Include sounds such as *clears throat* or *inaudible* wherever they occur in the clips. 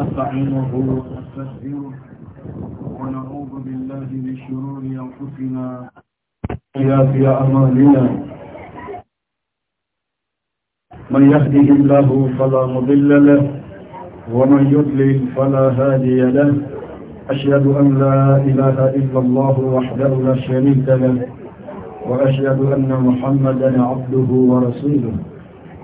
نستعينه ونستهديه ونعوذ بالله من شرور انفسنا وسيئات اعمالنا من يهده الله فلا مضل له ومن يضلل فلا هادي له اشهد ان لا اله الا الله وحده لا شريك له واشهد ان محمدا عبده ورسوله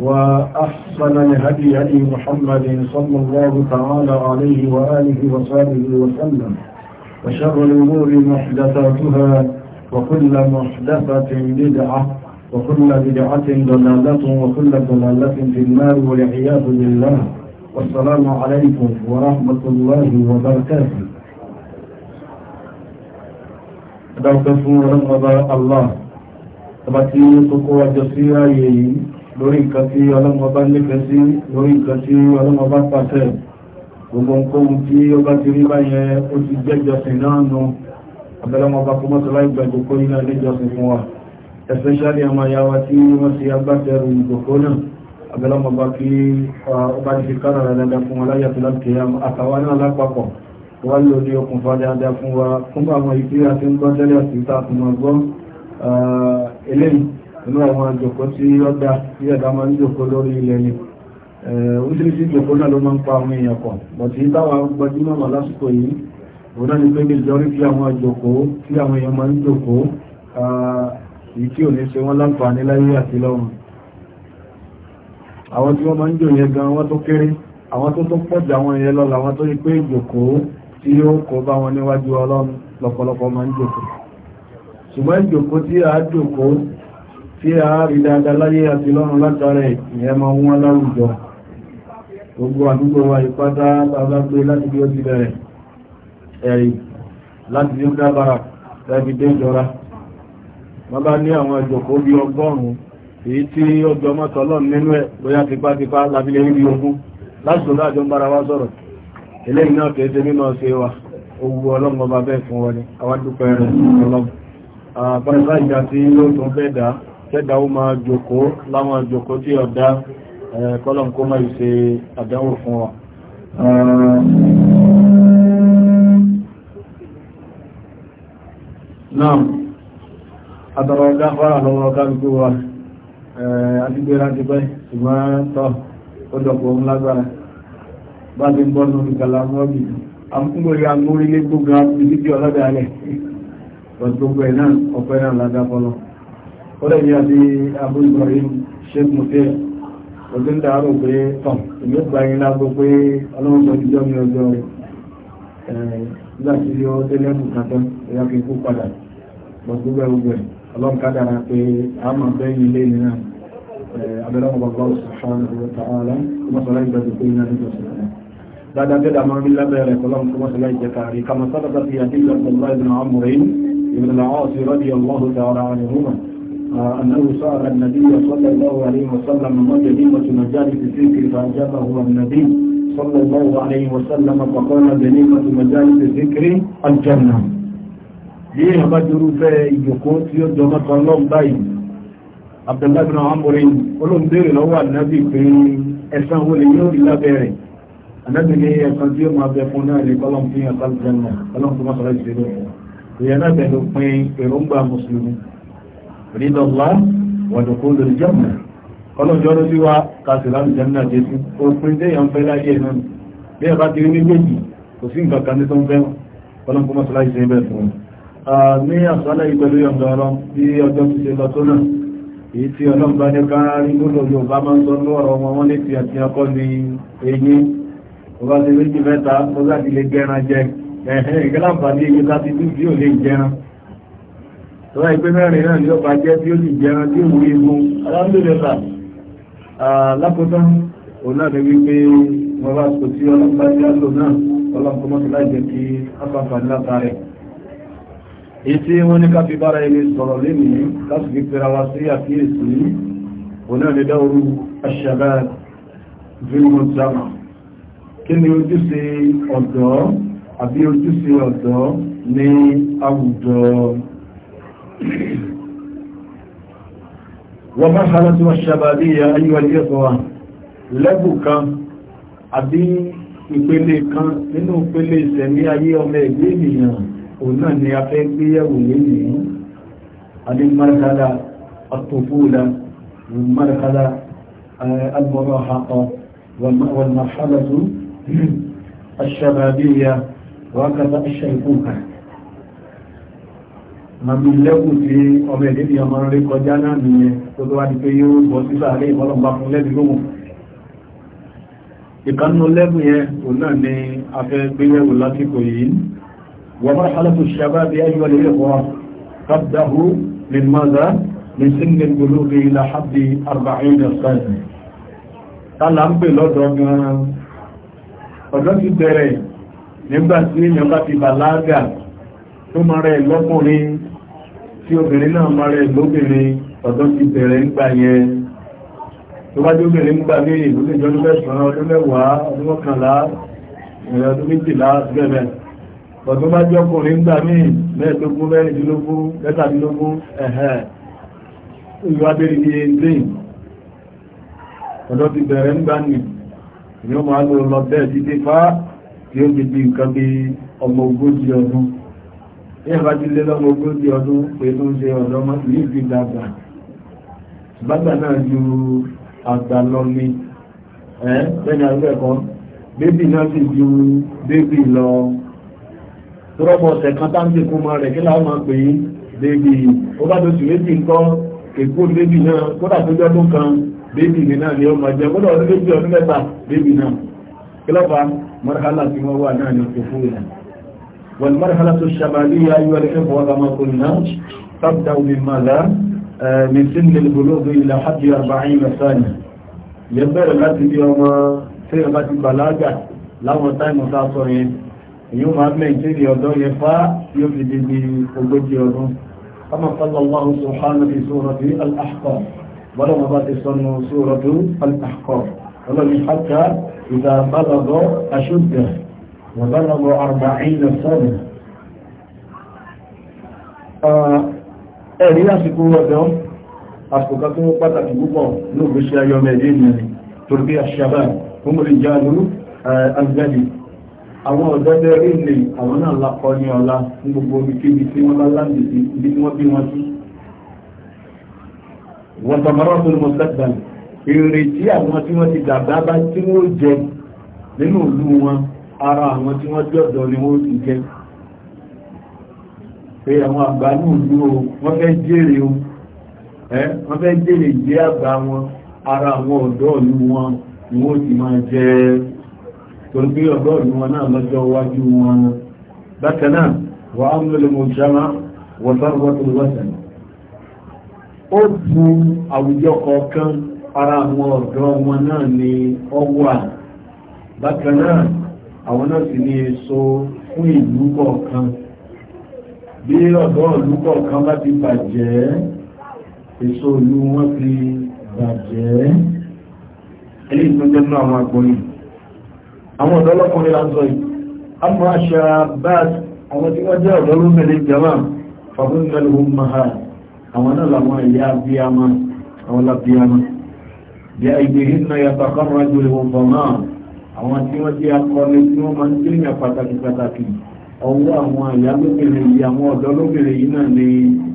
وأحسن الهدي هدي محمد صلى الله تعالى عليه وآله وصحبه وسلم وشر الأمور محدثاتها وكل محدثة بدعة وكل بدعة ضلالة وكل ضلالة في النار والعياذ بالله والسلام عليكم ورحمة الله وبركاته أدعوكم رحمة الله أبتي تقوى جسيرا يليه lórí nǹkan tí ọlọ́mọba nífẹ̀ẹ́ sí lórí nǹkan tí ọlọ́mọba pàṣẹ gbogbo nǹkan tí ó bá ti rí báyẹn ó ti jẹ́jọsìn náà nù abẹ́lọ́mọba kó mọ́sọ̀lá ìgbàgbò kó iná fún wa especially ọmọ ìyáwá tí wọ́n ti agbátẹrù ìgbòkó náà abẹ́lọ́mọba kí ó bá ti fi kára rẹ̀ dáadáa fún wọn láyàtọ̀ láti àtàwà náà lápapọ̀ wọ́n lò ní okùnfà dáadáa fún wa inú àwọn àjòkó tí ọdá tí ẹ̀dá máa ń jòkó lórí ilẹ̀ ni oríṣiríṣi ìjòkó náà ló máa ń pa àwọn èèyàn pọ̀ bọ̀tí táwa gbajúmọ̀ wà lásìkò yìí òun náà ni pé nítorí kí àwọn àjòkó tí àwọn èèyàn máa ń jòkó yìí tí ò ní ṣe wọ́n láǹfààní láyé àti lọ́run àwọn tí wọ́n máa ń jò yẹn gan wọ́n tó kéré àwọn tó tó pọ̀jù àwọn èèyàn lọ làwọn tó yí pé ìjòkó tí ó kó bá wọn níwájú ọlọ́run lọ́pọ̀lọpọ̀ máa ń jòkó ṣùgbọ́n ìjòkó tí a jòkó tí a rí dáadáa láyé àti lọ́run látara ìyẹn máa láwùjọ gbogbo àdúgbò wa ìpátá tàbí láti bí ó ti bẹ̀rẹ̀ ẹ̀rì láti bí ó dábára tàbí wọ́n bá ní àwọn ìjọkó bí ọgọ́rùn-ún èyí tí ó jọ mọ́tọ́lọ́ nínú ẹ̀ bóyá tipátipá rí ogún bára wá sọ̀rọ̀ wa àwọn tí ló kẹ́dà ó máa jòkó láwọn jòkó tí ọ̀dá kọ́lọ̀n kó máa ṣe àdánwò fún wa náà àtọ̀rọ̀ gáfàrà lọ́wọ́ káàkiri wa àdígbèrà ti pẹ́ ṣùgbọ́n tọ́ ó dọ̀pọ̀ ohun lágbára bá ti ń bọ́nù ìkàlà mọ́bì àmúgbòrí agbórílé gbógun àti ìdíjọ́ ọlọ́dà alẹ́ ọ̀tọ́gbẹ̀ náà ọ̀pẹ́ náà lágbàfọ́lọ́ ọ̀rẹ́ ni a bí Abu Ibrahim Sheikh Mute ọdún dáàrọ̀ pé tàn ìlú gbayin lágbó pé ọlọ́run sọ ìjọ mi ọjọ́ rẹ̀ nígbàtí ó tẹ́lẹ̀ bùkátọ́ ìyá fi kú padà gbogbo ẹgbẹ́ ọlọ́run kádàrà pé a máa bẹ́yìn ilé nìyà abẹ́rẹ́ ọmọ bàbá òṣìṣàn ìwọ̀ta ààrẹ kọmọ́sọ̀lá ìgbàjọ pé iná nígbà sọ̀rọ̀ dáadáa tẹ́lẹ̀ máa rí lábẹ́rẹ̀ kọlọ́run kọmọ́sọ̀lá ìjẹta rí kama sábàbà ti àdílẹ̀ ọ̀sọ̀lá ìbìnà àmúrẹ́yìn ìbìnà àwọn rọ́dí ọlọ́run dáadáa rẹ̀ أنه سأل النبي صلى الله عليه وسلم ما جريمة مجالس الذكر فأجابه النبي صلى الله عليه وسلم فقال جريمة مجالس الذكر الجنة yíyàn bá dúró fẹ́ ìjòkó tí ó jọ mọ́ta ọlọ́run báyìí Abdullahi bin amurin olóńgbèrè lọ́wọ́ ànábì pé ẹ̀san wo lè yóò rí lábẹ́rẹ̀ ànábì ní ẹ̀san tí ó máa bẹ fún náà lè kọ́lọ́m fi hàn sálùjẹ́ náà kọ́lọ́m tó mọ́sọ̀rọ̀ ìṣẹ́lẹ̀ ìyẹn náà bẹ̀rẹ̀ pin èròǹgbà mùsùlùmí rídọ̀lá wọ̀dùkú lórí jẹ́mù ọlọ́jọ́rọ́ sí wa kàṣìlá jẹ́mù jésù òpin tí èyàn fẹ́ láyé náà bí ẹ bá ti rí méjèèjì kò sí nǹkan kan ní tó ń fẹ́ ọlọ́pọ̀ mọ́sálásí ṣe bẹ́ẹ̀ fún ní àṣálẹ́ ìpẹ̀lú yọ̀ǹda ọlọ́m tí ọjọ́ ti ṣe lọ tó náà èyí tí ọlọ́m bá ní ká rí lọ́dọ̀ máa ń sọ ní ọ̀rọ̀ wọn wọ́n létí àti akọ́ ní eyín ọba ti méjì mẹ́ta ọjọ́ àti lè gẹran jẹ ẹ̀hẹ́ ìgbẹ́láǹfà ní ìgbẹ́ta ti dúdú yóò lè gẹran tọ́lá ìpé mẹ́rin náà ni ó bá jẹ́ tí ó sì jẹ́ tí ó wúrí egun alámbèlélà lápótán òun náà ni wípé wọ́n bá sọ sí ọlọ́pàá tí á lò náà ọlọ́pàá mọ́sí láì jẹ́ kí ápàpà níláta rẹ̀ èyí tí wọ́n ní ká fi bára ilé sọ̀rọ̀ lénìí láti fi pera wa sí ni àwùjọ ومرحلة الشبابية أيها الإخوة لبك أبي ìpele kan nínú ìpele ìṣẹ̀mí ayé ọmọ ẹgbẹ́ ènìyàn òun náà ni a fẹ́ gbé yẹ̀wò lónìí àbí marhala at-tufula marhala eh, al-murahaqa wal marhala *clears throat* ash-shababiyya wa hakadha màmí lẹ́kùn tí ọmọ ẹ̀dẹ́ ni ọmọ rẹ̀ kọjá náà nìyẹn tó tó wá di pé yóò bọ́ sí sàárẹ̀ ìfọ́lọ́mbà fún lẹ́bí lóhùn ìkannú lẹ́bùn yẹn ò náà ni a fẹ́ gbéyẹ̀wò lásìkò yìí wọ́n bá halatu ṣàbá bí ayé wọlé ẹ̀kọ́ tabdahu min maza min sinmi gbólógbé ilá arba'in ẹ̀sán tálà ń pè lọ́dọ̀ gan-an ọ̀dọ́ ti bẹ̀rẹ̀ nígbà tí obìnrin náà máa rẹ̀ lóbìnrin ọ̀dọ́ ti bẹ̀rẹ̀ ń gbà yẹn tó bá jóbìnrin ń gbà ní ìlú lè jọ lóbẹ̀sán ọdún mẹ́wàá ọdún mọ́kànlá ọdún méjìlá bẹ̀rẹ̀ ọdún bá jọkùnrin ń gbà mí mẹ́ẹ̀ẹ́dógún mẹ́rìndínlógún mẹ́tàdínlógún ẹ̀hẹ́ ìlú abẹ́rẹ́ ní ẹ̀ńdẹ́yìn ọ̀dọ́ ti bẹ̀rẹ̀ ń gbà ní ìyọ́mọ̀ á lọ lọ ẹ̀bá ti lé lọ́mọ ogójì ọdún pé tó ń ṣe ọ̀dọ́ mọ́ ní ìfi dàgbà bàgbà náà ju àgbà lọ mi ẹ́ bẹ́ẹ̀ni àgbẹ̀ kan bébì náà sì ju bébì lọ tọ́rọ̀pọ̀ ọ̀sẹ̀ kan tá ń ṣe fún ọmọ rẹ̀ kí láwọn máa pè é bébì ó bá tó sì méjì ń kọ́ èkó bébì náà kódà tó jọ́dún kan bébì mi náà ni ó máa jẹ kódà ọdún méjì ọdún mẹ́ta bébì náà kí lọ́pàá mọ́ra والمرحلة الشمالية أيها الإخوة كما قلنا تبدأ من ماذا؟ من سن البلوغ إلى حد 40 سنة يبدأ láti bí ọmọ tí ó bá ti bàlágà láwọn táìmù sáàsọ yẹn yíò máa mẹ́jìnlẹ̀ ọ̀dọ́ yẹn fá yóò fi dé bí ogójì ọdún kama sallallahu subhanahu fi surati al-ahqaf wọ́n wọ́n bá ti sọ́nà suratu al-ahqaf ọlọ́ni hatta ìdàbálọ́gọ́ aṣúgbẹ̀ وبلغوا أربعين سنة ẹ̀rí àsìkò ọ̀dọ́ àsìkò tó pàtàkì púpọ̀ ní ògbésí ayọ́mẹ̀ èdè ìrìnlẹ̀ torí àṣàbà kúmùrí jáàlú alìjáde àwọn ọ̀dọ́ bẹ̀rẹ̀ ilẹ̀ àwọn náà lápọ̀ ní ọlá ní gbogbo ibikíbi tí wọ́n láláǹdì sí ibi tí wọ́n bí wọn sí wọ́n ara àwọn tí wọ́n jọ́dọ̀ ni wọ́n ti jẹ́ pé àwọn àgbà ní òjú o wọ́n fẹ́ o ẹ́ wọ́n fẹ́ jẹ́ àgbà wọn ara àwọn ọ̀dọ́ ìlú wọn ni wọ́n ti máa jẹ́ tó ń gbé ọ̀dọ́ ìlú náà lọ́jọ́ iwájú wọn wà á wọn àwọn náà sì ní èso fún ìlú kọ̀ọ̀kan bí ọ̀dọ́ ìlú kọ̀ọ̀kan bá ti bàjẹ́ èso ìlú wọn ti bàjẹ́ eléyìí tó jẹ́ náà àwọn agbóyìn àwọn ọ̀dọ́ lọ́kùnrin lásọ yìí àmọ́ àṣà bad àwọn tí wọ́n jẹ́ ọ̀dọ́ lómìnir jama fàbí maha àwọn náà làwọn ẹ̀yà abiyama àwọn labiyama bí àìgbèhìn náà yàtọ̀ kọ́rọ̀ ajúlẹ̀ wọn bọ̀ àwọn tí wọ́n jẹ́ akọni tí wọ́n máa ń tẹ́yìn pàtàkì pàtàkì ọwọ́ àwọn àyà lóbìnrin yìí àwọn ọ̀dọ́ lóbìnrin yìí náà ni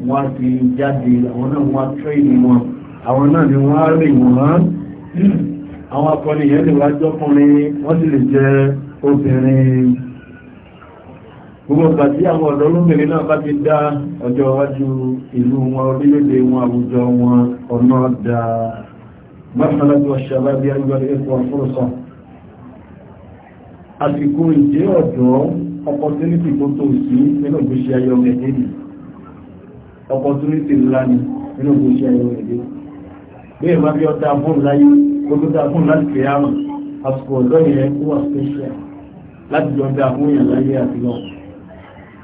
wọ́n ti jáde àwọn náà wọ́n tẹ́yìn wọn àwọn náà ni wọ́n á rìn wọ́n àwọn akọni yẹn lè wá jọkùnrin wọ́n sì lè jẹ́ obìnrin gbogbo ọgbà tí àwọn ọ̀dọ́ lóbìnrin náà bá ti dá ọjọ́ iwájú ìlú wọn orílẹ̀-èdè wọn àwùjọ wọn ọ̀nà ọ̀dà mọ́sálásí ọ̀ṣàbábí ayúwárí ẹ̀kọ́ fúrúsàn àsìkò ìdí ọ̀dọ́ opportunity tó tó sí nínú ìgbésí ayé ọmọ ẹ̀dẹ́ ni opportunity ńlá ni nínú ìgbésí ayé ọmọ ẹ̀dẹ́ bí ẹ̀ bá bí ọta fún láyé ó tó ta fún láti fi àrùn àsìkò ọ̀dọ́ yẹn kó wà special láti jọ da fún yàn láyé àti lọ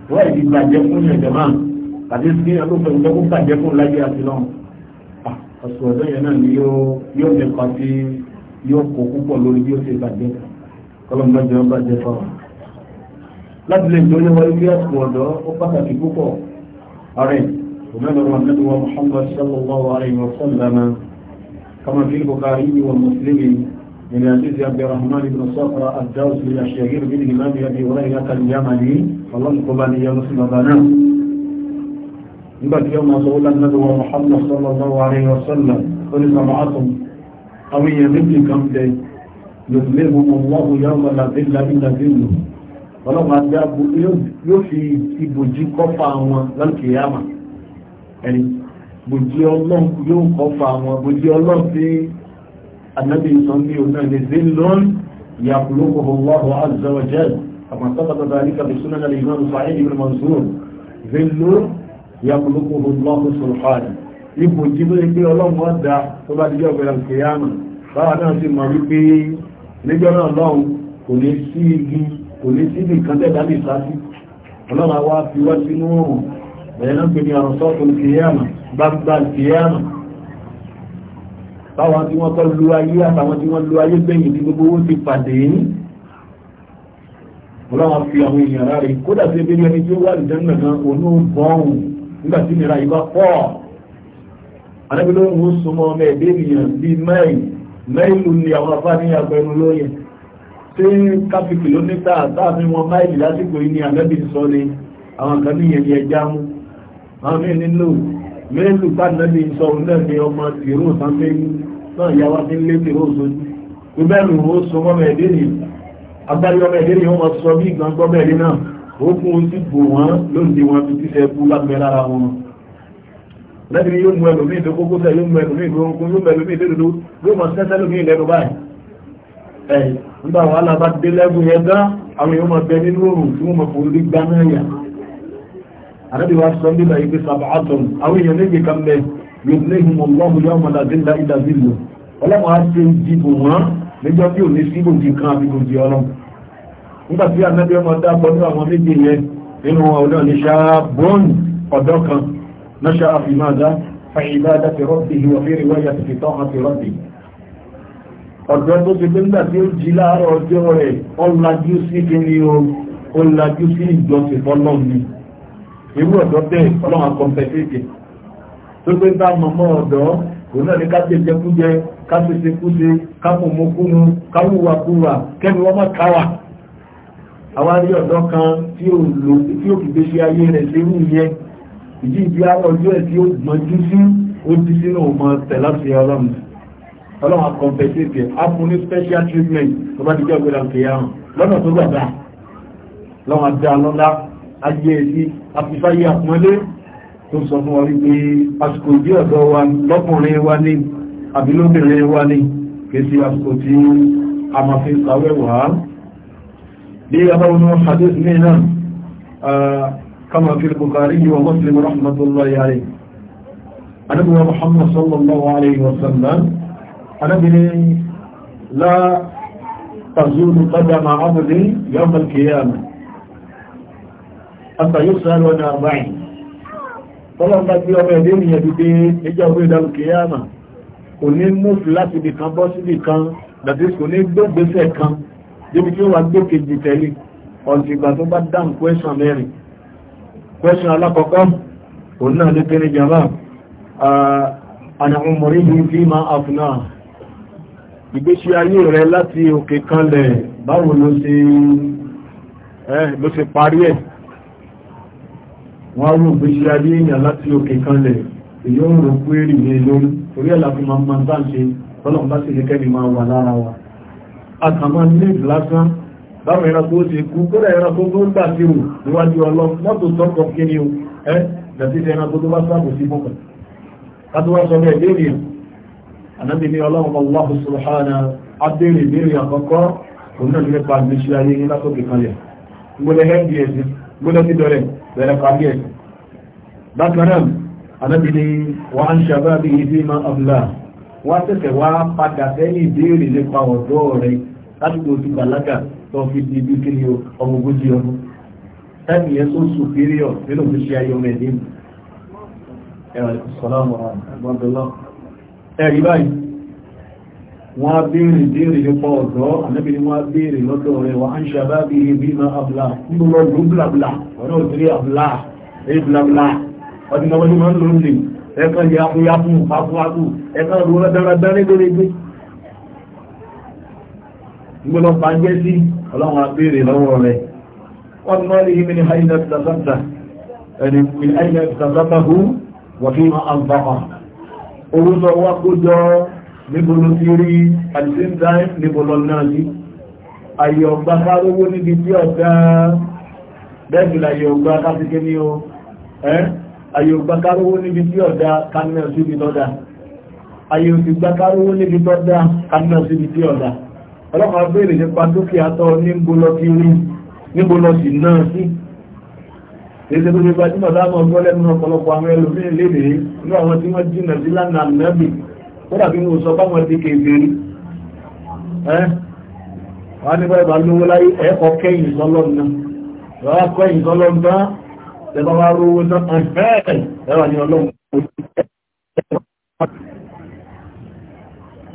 wọ́n ìdí gbàjẹ́ fún yàn jẹ̀má àti sí ọlọ́pàá ìjọ kó gbàjẹ́ fún láyé àti lọ ah, àsìkò ọ̀dọ́ yẹn náà ni yóò yóò lẹ́kọ̀ọ́ sí yóò kó púpọ̀ lórí bí ó ṣe gbàjẹ́ fún kọlọmọdé ọba jẹ fáwọn láti lè jọyọ wáyé bí ẹkùn ọ̀dọ́ ó pàtàkì púpọ̀ ààrẹ Muhammad sallallahu alayhi wa sallam kama fi Bukhari wa Muslim من عزيز عبد الرحمن بن صخرة الدوسي الشهير من إمام أبي هريرة اليمني الله قبل يا مسلم بنا يبقى يوم رسول النبي محمد صلى الله عليه وسلم قل سمعتم أو يملكم دي yòtùlẹ́mù ọlọ́run yọ ọmọ làbẹ́lá ìlàbẹ́lú ọlọ́run adáàbò yóò fi ìbòjì kọ́fà wọn lọ́kìyàmà ẹni bòjì ọlọ́run yóò kọ́fà wọn bòjì ọlọ́run pé anábì sàn ní ọ̀nà ìlẹ́sẹ̀ lọ́n yàgùlọ́kọ̀ ọlọ́run azọ́jẹ́ àmọ́sọ́kọ̀tọ̀ tàríkà bí súnà nàlẹ́ ìmọ̀ sàáyé ìbí mọ̀nsúrù zèlò yàgùlọ́kọ̀ ọlọ́run sọ̀rọ̀fàdì ibòjì bó ṣe pé ọlọ́run ọ̀dà tó bá dijọ́ ọ̀gbẹ̀rẹ̀ kìyàmà báwa náà sì mọ̀ wípé níjọ́ náà lọ́hùn kò ní sí igi kò ní sí nìkan tẹ́gbà lè sáfí ọlọ́run àwa fi wá sínú oòrùn ẹ̀yẹ náà pè ní àrùn sọ́ọ̀tù kìíyàmà gbangba kìíyàmà báwọn tí wọ́n kọ́ lu ayé àtàwọn tí wọ́n lu ayé gbẹ̀yìn tí gbogbo owó ti pàdé yìí ọlọ́run fi àwọn èèyàn rárẹ̀ kódà sí ebi ẹni tí ó wà lùdẹ́ nìkan onú bọ́ọ̀hùn nígbà tí ìnira yìí bá pọ̀ àdébílẹ̀ òun ó súnmọ́ ọmọ ẹ̀dẹ́ ènìyàn mẹ́ìlú ni àwọn afá ní agbẹnu lóyẹ tí káfí kìlómítà tààfin wọn máìlì lásìkò yìí ni àlẹ́bì sọ ni àwọn kan ní yẹn ẹja mú àwọn mí nílò mẹ́ìlú pàdánẹ́bì sọ náà ni ọmọ tìró sáfẹ́ náà yà wá sí lé tìró sójú ìbẹ̀rù ó sọ mọ́mọ́ ẹ̀dẹ́ ni agbárí ọmọ ẹ̀dẹ́ ni wọ́n sọ bí ìgbàgbọ́ bẹ̀rẹ̀ náà ó kún ó sì wọ́n lóde wọn fi tíṣẹ́ kú lágbẹ́ lára wọn lẹ́bi yóò mú ẹlòmí ìlú kókó tẹ̀ yóò mú ẹlòmí ìlú orúkú yóò mú ẹlòmí ìlú ìlú yóò mọ̀ sẹ́sẹ́ lómi ìlẹ́nu báyìí ẹ̀ nígbà wàhálà bá dé lẹ́gùn yẹn dán àwọn èèyàn máa bẹ nínú òrùn tí wọ́n mọ̀ fún orí gbá náà yà àdàbí wa sọ nígbà yìí pé sàbà àtọ̀n àwọn èèyàn méje kan bẹ yóò ní ìhùn ọlọ́run yóò mọ̀ láti ńlá ìdá sílùú ọlọ́run á ṣe ìdìbò wọn níjọ́ tí ò ní síbò di kan àbí gòjì ọlọ́run nígbà tí anábíọ́mọ dá pọ̀ nínú نشأ في ماذا في عبادة ربه وفي رواية في طاعة ربه ọ̀dọ́ tó ti gbé nígbà tí ó jí láàárọ̀ ọjọ́ rẹ̀ ọ̀làjú sí kíni o ọ̀làjú sí ìjọsìn fọlọ́run ni irú ọ̀dọ́ bẹ́ẹ̀ ọlọ́run akọ̀ǹpẹ̀tẹ̀tẹ̀ tó gbé bá mọ̀mọ́ ọ̀dọ́ òun náà ni ká ṣe jẹkújẹ ká ṣe ṣe kúṣe ká kẹ́mi wọ́n má káwà àwa rí ọ̀dọ́ kan tí ó fi gbé ṣe ayé rẹ̀ ṣerú yẹn ìjíǹde ọjọ́ ẹ̀ tí ó gbọ́njú sí ó ti sínú ọmọ tẹ̀láṣì ọlọ́run ọlọ́run akọ̀mpẹ̀tẹ̀tẹ̀ á fún ní special treatment tó bá ti jẹ́ ògbéra kìíyà hàn lọ́nà tó gbàgbà lọ́wọ́ adá lọ́lá ayé e sí afifáyé àpọ́nlé tó sọ fún wa wípé àsìkò ìdí ọ̀dọ́ wa lọ́kùnrin wa ní àbí lóbìnrin wa ní kèsì àsìkò tí a máa fi sàwẹ́wàá bí abáwọn hadith mìíràn كما في البخاري ومسلم رحمة الله عليه أنا ابن محمد صلى الله عليه وسلم أنا ابن لا تزول قدم عبد يوم القيامة حتى يسأل عن أربعين طبعا بات يوم الدين يبدي يجاوب إلى القيامة kò ní mú láti ibì kan bọ́ sí ibì kan dàtí kò ní gbégbésẹ̀ kan débi tí ó wà question alákọ̀ọ́kọ́ òun náà ló kéré jama àdàmù mọ̀ríhì fi ma àfúnà ìgbésí ayé rẹ̀ láti òkè kanlẹ̀ báwo ló ṣe ló ṣe parí ẹ̀ wọ́n rú ìgbésí ayé èèyàn láti òkè kanlẹ̀ èyí ń rò wa a kà báwọn ẹranko ó ṣe kú kódà ẹranko tó ń tàbí rù níwájú ọlọ́run mọ́tò tọ́kọ̀ kí ni o ẹ́ tàbí ṣe ẹranko tó bá sáàbò sí mọ́kàn kátó subhanahu abéèrè léèrè àkọ́kọ́ òun náà nípa àgbéṣe ayé ní látọ̀kì kanlẹ̀ gbọ́dọ̀ mbs gbọ́dọ̀ ti dọ̀rẹ̀ bẹ̀rẹ̀ kàbí ẹ̀ bákan náà ànábì ní wà ń ṣàbábí ibi máa ọ̀la wọ́n tẹ̀sẹ̀ wá padà sẹ́yìn ìbéèrè nípa ọ̀dọ́ rẹ̀ láti gbòòtú bàlágà tó fi di ibi kí ni o ọmọ ogójì ọdún táìmì yẹn tó superior nínú fi ṣe ayé ọmọ ẹ̀dín ẹ̀rọ ìsọ̀lámù àgbọ̀dọ̀lọ́ ẹ̀rí báyìí wọ́n á béèrè béèrè nípa ọ̀dọ́ ànábì ni wọ́n á béèrè lọ́dọ̀ rẹ̀ wọ́n á ń ṣàbá bí i bí ma abúlá ń bọ́ lọ lù blabla ọ̀nà òtúrí abúlá èyí blabla ọdún náà wọ́n ti máa ń lò ń lè yakuyaku hakuhaku ẹ̀kan lò rẹ̀ dáradára nígbèrègbè ń gbọ́dọ̀ pàjẹ́ sí i ọlọ́run abéèrè lọ́wọ́ rẹ̀ wọ́n mọ́ lè hìmí ní àìyàn ìtàzọ́ta ẹni min àìyàn ìtàzọ́ta hù wà fí ma ń bàbà owó sọ wá kójọ níbolo ti rí àìsíńdáì níbolo náà sí àyọ̀gbà kárówó níbi tí ọ̀gá bẹ́ẹ̀bìlì àyọ̀gbà kásíké ní o níbi tí ọ̀gá kánmẹ́ síbi tí ọ̀gá ọlọ́pàá béèrè nípa dúkìá tọ́ níbo lọ ti rí níbo lọ sì náà sí èsè tó ṣe gba nígbà tá a mọ̀ gbọ́ lẹ́nu ọ̀pọ̀lọpọ̀ àwọn ẹlòmíràn lédè nínú àwọn tí wọ́n jìnà sí lánàá nàbì kódà bí mo sọ báwọn ti kéde wọ́n ní báyìí lówó láyé ẹ̀kọ́ kẹ́yìn sọlọ́nà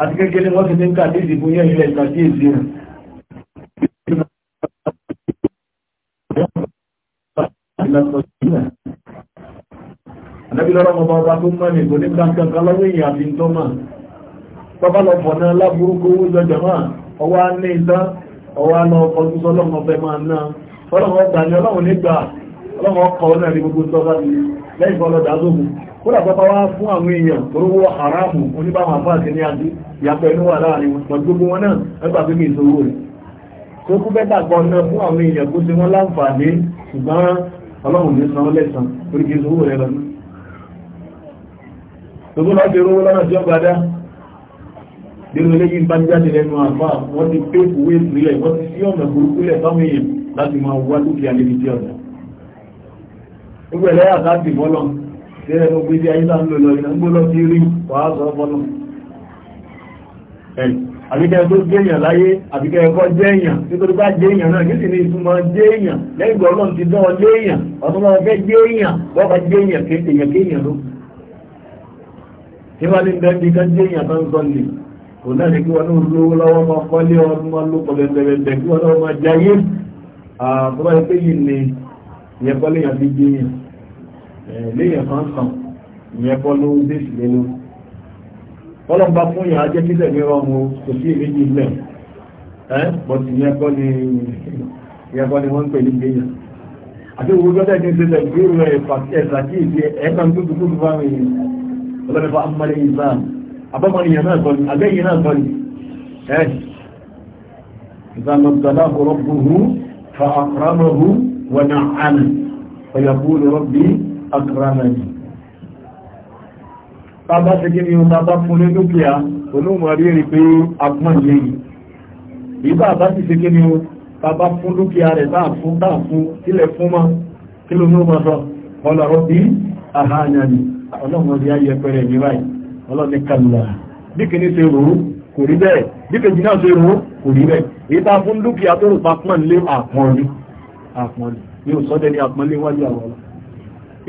àti kékeré wọ́n ti ní kàdíìsì fún yẹ́ ilẹ̀ ìkàdíìsì rẹ̀ Àdábílọ́rọ̀ ọmọ ọba tó mọ́ ní kò ní kankan lọ́wọ́ èèyàn àti tó máa. Tọ́bá lọ pọ̀ náà lábúrúkú owó jọjọ máa, ọwá ní ìdá, ọwá lọ ọkọ̀ túnṣọ́ lọ́mọ ọbẹ̀ máa náà. Ọlọ́run ọgbà ni ọlọ́run nígbà, ọlọ́run ọkọ̀ náà ní gbogbo tọ́bá lẹ́yìn fọ́lọ́dà ìyàpọ̀ inú wà láàrin wọn gbogbo wọn náà ẹgbà pé mi ìṣòwò rẹ̀ tó kú bẹ́tà kan náà fún àwọn èèyàn kó ṣe wọ́n láǹfààní ṣùgbọ́n ọlọ́run ní san lẹ́sàn orí kí ìṣòwò rẹ̀ lọ́nà gbogbo bá ti rówó lọ́nà tí ó gbadá nínú eléyìí ń bá jáde lẹ́nu àfà wọ́n ti pé ìwé ìpínlẹ̀ wọ́n ti sí ọ̀nà burúkú lẹ̀ fáwọn èèyàn láti máa wá dúkìá níbi tí ọ̀nà gbogbo ẹ̀lẹ́yà láti bọ́lọ̀ sí ẹnu gbé sí ayé láńlò lọ ìlànà gbọ́lọ́ sí rí wàá sọ bọ́lọ̀ àbíkẹ́ tó jẹ́yàn láyé àbíkẹ́ ẹ̀kọ́ jẹ́yàn nítorí bá jẹ́yàn náà kí sì ní ìtumọ̀ jẹ́yàn lẹ́yìn ìgbà ọlọ́run ti dán léyàn ọ̀tún máa fẹ́ jẹ́yàn wọ́n bá jẹ́yàn kéèyàn kéèyàn ló tí wọ́n ní bẹ́ẹ̀ bí kan jẹ́yàn tó ń sọ nì kò náà ní kí wọ́n ní olówó lọ́wọ́ máa fọ́lé ọdún máa ló pọ̀ bẹ̀bẹ̀bẹ̀ kí wọ́n náà máa jayé àbúrò ẹgbẹ́ yìí ni ìyẹn kọ́ léyàn fi jẹ́yàn léyàn kan sàn ìyẹn kọ́ ló dé sílé lórí ọlọ́pàá fún ìyàn ajẹ́ títẹ̀ ní ọmọ kò sí èméjì ilẹ̀ ẹ́ bọ̀tí ìyẹ́kọ́ ni wọ́n ń pè ní gbéyàn àti owó gbọ́dẹ̀ ní ṣe tẹ̀gbérù rẹ̀ ẹ̀sàkíyèsí ẹ̀kan tó dùkú tó fáwọn èèyàn ọlọ́pàá amúlẹ̀ ìsáàm abọ́mọnìyàn náà kọ́ni àgẹ́yìn náà kọ́ni ẹ́ bàbá ṣe kí ni o bàbá fún lé dúkìá olóòmọ̀ rí rí pé agbọ́n ilé yìí ìbá bá sì ṣe kí ni o bàbá fún dúkìá rẹ̀ bá fún bá fún sílẹ̀ fún mọ́ kí ló ní ó máa sọ ọlọ́rọ̀ bí àhányàní ọlọ́run rí ayé pẹrẹ mi báyìí ọlọ́ni kàlùlà bí kìíní ṣe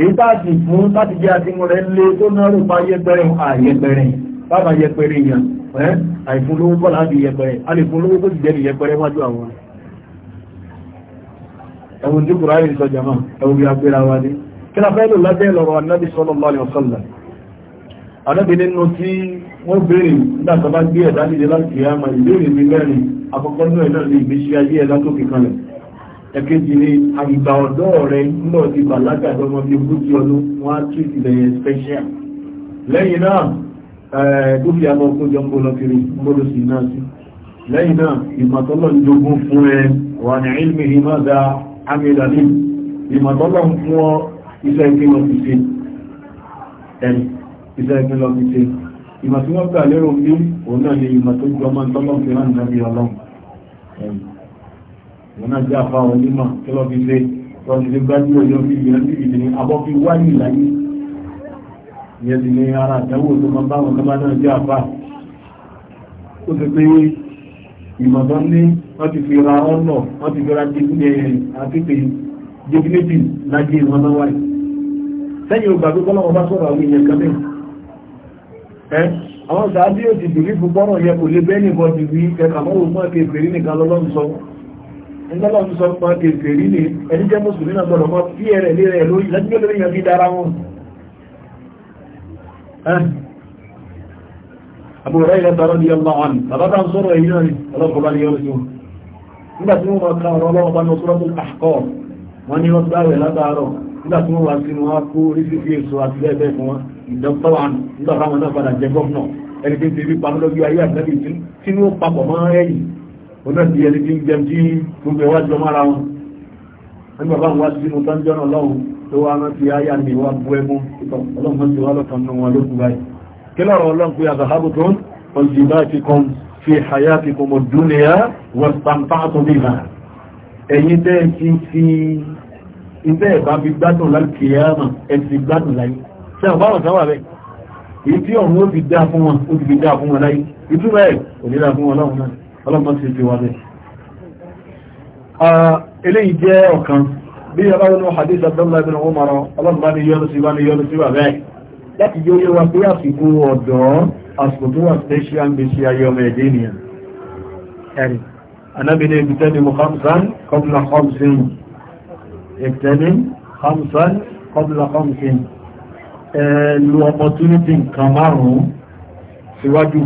ìtàjì fún láti jẹ́ àti mọ̀ rẹ̀ lé tó náà rò bá yẹpẹrẹ àyẹpẹrẹ bába yẹpẹrẹ yàn ẹ́ àìfún lówó bọ́lá bí yẹpẹrẹ a lè fún lówó tó jẹ́ yẹpẹrẹ wájú àwọn ẹ̀wùn tí jama ẹ̀wùn bí agbéra wa ní kí la fẹ́ lò lábẹ́ lọ́rọ̀ anábì sallallahu alaihi wasallam anábì nínú tí wọ́n béèrè nígbà tó bá gbé ẹ̀dá nílé láti kìí àmà ìbéèrè mi mẹ́rin ẹ̀kejì ni àgbà ọ̀dọ́ rẹ̀ nígbà ti bàlágà lọ́mọ bí ogójì ọdún wọn á tún ìsìlẹ̀ yẹn special lẹ́yìn náà dúkìá lọ kó jọ ń bó lọ kiri ń bó lọ sí náà sí lẹ́yìn náà ìmọ̀tọ́lọ̀ ń jogún fún ẹ wà ní ilmi ìmọ̀dá amílàlí ìmọ̀tọ́lọ̀ ń fún ọ iṣẹ́ ìpín lọ fi ṣe ẹni iṣẹ́ ìpín lọ fi ṣe ìmọ̀ tí wọ́n gbà lérò bí òun náà ni ìmọ̀ tó jọ máa ń tọ́lọ̀ fi rán ìrìnàbí ọlọ́run wọn náà jẹ́ àfa onímọ̀ kí lọ́ fi ṣe lọ́ fi ṣe gbájúmọ̀ yọ fi ìyẹn sí ìdí ni abọ́ fi wáyé láyé ìyẹn sì ni ara àtẹ́wò tó máa bá wọn kọ́ máa náà jẹ́ àfa ó ti pé ìmọ̀tọ́ ní wọ́n ti fi ra ọ̀nà wọ́n ti fi ra akéde jẹ́gílẹ́tì lájẹ́ ìwọ̀n náà wáyé sẹ́yìn ò gbàgbé kọ́lọ́wọ́ bá sọ̀rọ̀ àwọn èèyàn kan mẹ́rin ẹ́ àwọn sàájú yóò ti ti rí ìgbọ́lọ̀ ń sọ pọ̀ kèfè rí ni ẹni jẹ́ mùsùlùmí náà gbọ́dọ̀ mọ́ fí ẹ̀rẹ̀ lé rẹ̀ lórí lẹ́gbẹ́ lórí yàn fi dára wọn Abu Hurairah tọrọ ní ọlọ́ wọn bàbá bá ń sọ̀rọ̀ èyí náà ni ọlọ́pọ̀ bá ní yọrọ sí wọn nígbà tí wọ́n máa ka ọ̀rọ̀ ọlọ́wọ́ bá ní Suratul Ahqaf wọ́n ní wọ́n gbáwẹ̀ látàárọ̀ nígbà tí wọ́n wá sí wọn kó orí fífi èso àti bẹ́ẹ̀ fún wọn ìdọ́tọ́ wa nígbà táwọn náà padà jẹ gọ́ọ̀nà ẹni tí ń fi rí pamọ́ ayé àgbẹ̀bí tí ó papọ̀ mọ́ ẹ̀yìn oná ti ẹni tí ń jẹun tí gbogbo ẹwà jọ mára wọn nígbà bá ń wá sínú tánjọ́ náà lọ́hùn tó wá rántí ayá ní wá bú ẹmú ọlọ́run ti wá lọ́kàn náà wọn lókù báyìí kí lọ́rọ̀ ọlọ́run pé àzàhábù tó ń ọjì bá ti kọ́ fi àyá ti kọ́ mọ̀ dúnlẹ̀ á wọ́n pàmpá tó bí ma ẹ̀yin tẹ́ ti fi ilé ẹ̀bá fi gbádùn láti yáàmà ẹ̀ ti gbádùn láyé ṣe àwọn báwọn sáwà bẹ́ẹ̀ èyí ọ̀run ó fi dá fún wọn ó fi dá fún wọn láyé ìtumọ̀ ẹ̀ ọlọ́pàá ti fi wà lẹ́ ah, eléyìí jẹ́ ọ̀kan bí ọlọ́wọ́n hadith abdullahi bin umar ọlọ́pàá ni yọ́nu sí bá ní yọ́nu sí bàbẹ́ láti jẹ́ yẹ́ wa pé àsìkò ọ̀dọ́ àsìkò tó wà special gbèsè ayé ọmọ ẹ̀dẹ́ ènìyàn ẹ̀rì anábì ní ìbìtẹ́ni mu hamsan kọ́bùlà hamsin ìbìtẹ́ni hamsan kọ́bùlà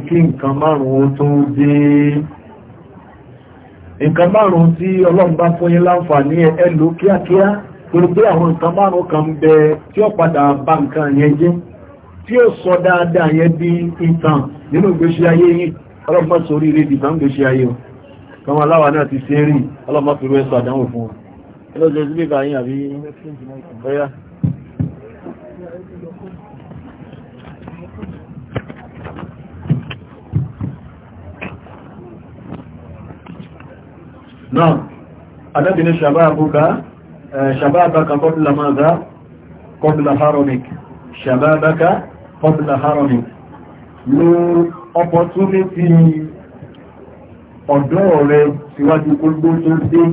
kí nǹkan márùn-ún tó dé nǹkan márùn-ún tí ọlọ́run bá fún yín láǹfààní ẹ lò kíákíá torí pé àwọn nǹkan márùn-ún kan bẹ tí ó padà bà nǹkan yẹn jẹ́ tí ó sọ dáadáa yẹn bí ìtàn nínú ìgbésí ayé yín ọlọ́run bá sọ oríire dìbà ń gbésí ayé o kọmọ aláwà náà ti ṣe rí ọlọ́run bá fi rú àdánwò fún náà anábì ní ṣàbábùka ṣàbábàka kọ́bùlà máa dá kọ́bùlà haronik ṣàbábàka kọ́bùlà haronik lo opportunity ọ̀dọ́ rẹ síwájú gbogbo tó dé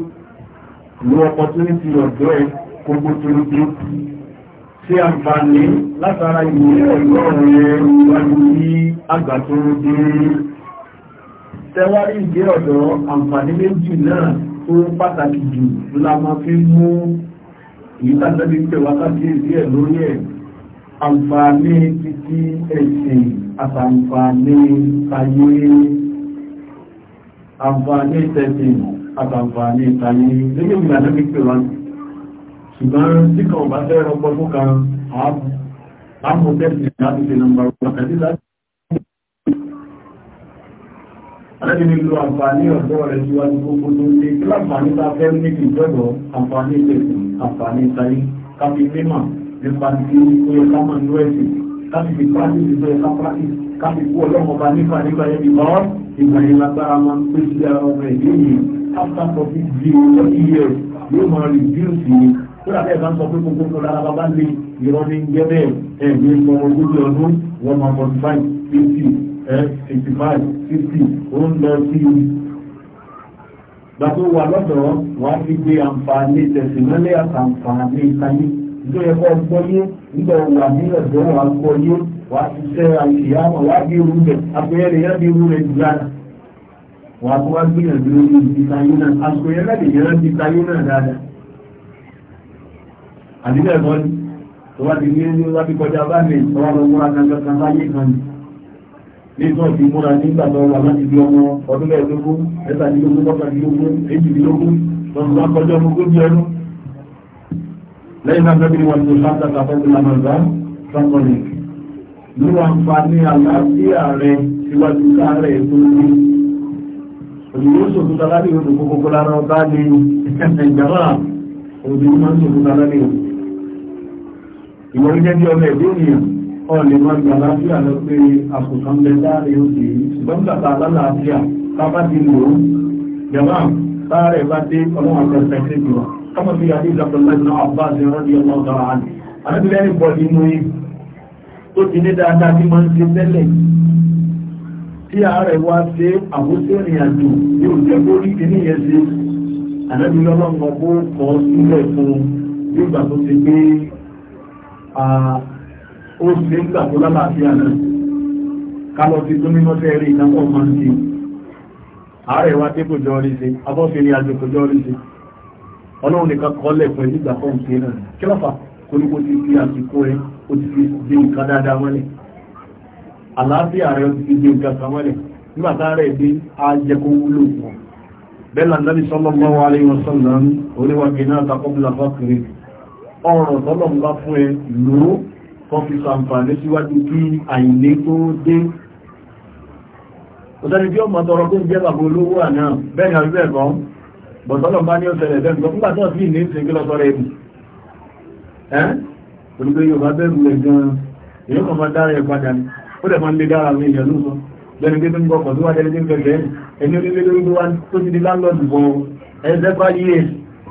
lo opportunity ọ̀dọ́ ẹ gbogbo tó dé tí a ń fa ní látara ìwé rẹ wájú tẹwárí ìgbé ọ̀dọ́ àǹfààní méjì náà tó pàtàkì jù la ma fi mú ìyítàtẹ́bí pé wákàtí èsì ẹ̀ lórí ẹ̀ àǹfààní títí ẹ̀sìn àtàǹfààní tayé àǹfààní tẹ̀sìn àtàǹfààní tayé lẹ́gbẹ̀ẹ́ ìgbàtẹ́bí pé wá ṣùgbọ́n tí kan bá fẹ́ Àlẹ́bí ní lo àǹfààní ọ̀dọ́ rẹ̀ ju wájú gbogbo tó ṣe kí láǹfààní bá fẹ́ ní kí ìjọ́dọ̀ àǹfààní ìṣẹ̀kùn àǹfààní ìtayé káfí mímọ̀ nípa tí ó yẹ ká mọ̀ ní ẹ̀sìn káfí fi pàtìsì tó yẹ ká pàtìsì káfí kú ọlọ́mọba nípa nípa yẹn bí ọ́ ìgbà yẹn lágbára máa ń pè sí ara ọmọ ẹ̀dẹ́ yìí after forty zero forty years yóò máa reduce yìí kódà bẹ́ẹ̀ bá ń sọ pé gbogbo tó lára bàbá lè ìrọ́ ní jẹ́ ẹ̀ ní ọmọ ogójì ọdún one hundred forty five fifty fifty five fifty ó ń lọ sí i gbàtó wà lọ́dọ̀ wọ́n á fi gbé àǹfààní tẹ̀símọ́lẹ̀ àtàǹfààní ìkànnì tó yẹ kọ́ gbọ́yé nígbà wà ní ọ̀dọ́ wà gbọ́yé wà á ti sẹ́ àìsíyámọ̀ wà á bí irú rẹ̀ apẹ̀yẹ́rẹ́ yẹ́ bí irú rẹ̀ jùlára wà á tó wá gbìyànjú lórí ìdíkayé náà apẹ̀yẹ́rẹ́ lè yẹ́ ìdíkayé náà dáadáa àdílẹ̀ mọ́ni tó wá ti gbé wá ti kọjá bá mi tọ́wọ́ lọ nígbọ́n ti múra nígbàtọ̀ wà láti bí ọmọ ọdún mẹ́ẹ̀ẹ́dógún mẹ́tàdínlógún mọ́kàndínlógún èjìdínlógún lọ́nà kọjá ọmọ ogójì ọdún lẹ́yìn náà fẹ́ bí wọ́n ti sáńtà tàbí lamọ̀dá sọ́kọ̀lì ní wọ́n fa ní àlàáfíà rẹ̀ síwájú káàrẹ̀ tó ní òdìbò sòkúta láti odò kókókó lára ọba ní ìjàmbá òdìbò máa ń sòkúta láti odò ìwọ̀n jẹ́ bí ọmọ ẹ̀dẹ́ ènìyàn ọ̀lẹ̀ máa gbà láàáfíà lọ pé àkùsàn bẹ dáre òkè ṣùgbọ́n gbàtà lálàáfíà bábá ti lò ó jẹ̀má sáàrẹ̀ bá dé ọlọ́run àkọsẹ̀ sí ìgbìmọ̀ kọ́mọ̀ sí àdé ìlàpọ̀lẹ́sìn àbá àti ọ̀rọ̀dí ọlọ́run dára ní àdébìlẹ́rì bọ̀ nínú yìí tó ti ní dáadáa tí máa ń ṣe tẹ́lẹ̀ tí ààrẹ wá ṣe àwọ́sẹ̀rìn àjò ní kọ́ sílẹ̀ fún nígbà tó ti gbé ó ṣe ń gbàgbọ́ lálàáfíà náà kálọ̀ ti tó mímọ́ tẹ́ rí ìdápọ̀ máa ń di ààrẹ wa tí kò jọ rí sí abọ́fẹ́ ní àjò kò jọ rí sí ọlọ́run nìkan kọ́lẹ̀ pẹ̀lú ìgbàpọ̀ ń ṣe náà kí lọ́fà koríko ti fi àsìkò rẹ̀ ó ti fi di nǹkan dáadáa mọ́lẹ̀ àlàáfíà rẹ̀ ó ti fi di nǹkan kan mọ́lẹ̀ nígbà tá rẹ̀ dé ajẹ́kó wúlò fún bẹ́ẹ̀ là nàbí sallallahu alaihi wasallam oníwàgbé náà takọ́bùlà fákìrì ọ̀rọ̀ tọ́lọ̀ ń bá fún ẹ lòó kan fi sàǹfààní síwájú kí àìní tó dé òtẹ́ni bí ọmọ tọrọ tó ń jẹ́ bàbá olówó àná bẹ́ẹ̀ ni àríbẹ̀ kan bọ̀tọ́lọ̀ bá ní ọ̀sẹ̀lẹ̀ bẹ́ẹ̀ nǹkan nígbà náà sí ìní ìsìnkí lọ sọ́rọ̀ ẹ̀mù ẹ́ olùgbé yorùbá bẹ́ẹ̀rù rẹ̀ gan-an èyí kan máa dára ẹ̀ padà ní ó dẹ̀ máa ń lé dára mi ìyẹn lóòsọ lẹ́nu pé tó ń gbọ́kọ̀ tó wá dẹ́ni tí ń fẹ̀fẹ́ ẹni onílé lórí tó wá tó ti di láńlọ́ọ̀dù bọ̀ ẹ̀ẹ́dẹ́gbá yíyẹ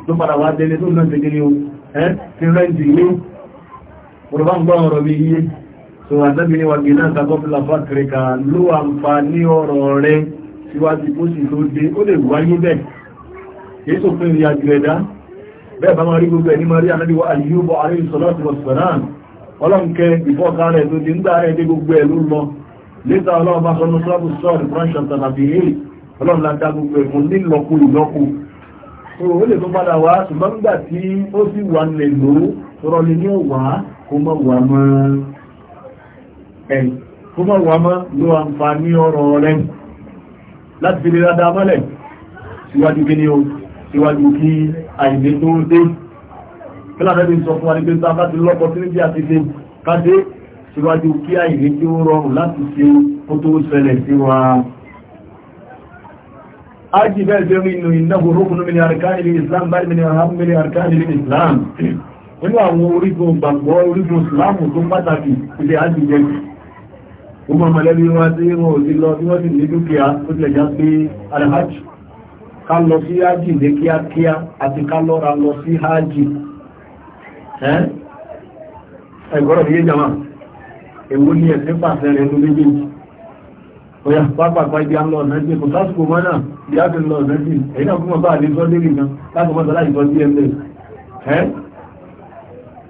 tó padà wá délé tó náà ti délé o ẹ́ ti rẹ́ǹtì ilé Yorùbá ń gbọ́ ọ̀rọ̀ bí iye. So àtẹ́bí ni wà ní náà sàkọ́fìlà fàkìríkà ló àǹfààní ọ̀rọ̀ rẹ̀ síwájú bó sì tó dé ó lè wáyé bẹ́ẹ̀. Kìí sòfin ìrìn àjò ẹ̀dá. Bẹ́ẹ̀ bá máa rí gbogbo ẹni máa rí ànábì wa Ayyub alayhi salatu wassalam. Ọlọ́nkẹ́ ìfọ́ká rẹ̀ tó di ń dá ẹ̀ dé gbogbo ẹ̀ ló lọ. Lẹ́ta ọlọ́run bá sọ ní Sọ́ọ̀bù Sọ́ọ̀dù Fúránṣà Tànàbí ó wà nílò kó mọ̀ wà mọ́ ló àǹfààní ọ̀rọ̀ rẹ̀ láti fi lè rádá mọ́lẹ̀ síwájú kí ni o síwájú kí àìdé tó dé kílàmẹ́bí sọ fún àrígbé tó àbájú lọ́pọ̀ tí níbi àti dé káde síwájú kí àìdé tí ó rọrùn láti ṣe ó tó ṣẹlẹ̀ sí wa ájì bẹ́ẹ̀ jẹ́ nínú ìnáwó rúkùnú mi ni àrìkáàlì Islam báyìí mi ni àrìkáàlì Islam nínú àwọn orígun gbàgbọ́ orígun Islam tó pàtàkì ilẹ̀ àjíjẹ́ gbogbo ọmọlẹ́bí wá tí wọ́n ò sí lọ tí wọ́n sì ní dúkìá tó tilẹ̀ já sí alhaj ká lọ sí hajj ní kíákíá àti ká lọ́ra lọ sí hajj ẹgbọ́rọ̀ yé jama èwo ní ẹ̀sìn pàṣẹ rẹ̀ ló méjèèjì ọ̀yà pápápá ibi àlọ́ ọ̀nàjì kò sásìkò mọ́nà bí á fi lọ ọ̀nàjì èyí náà fún ọba àdéjọ́ lérí náà láti mọ́tọ́lá ìtọ́jú ẹgbẹ́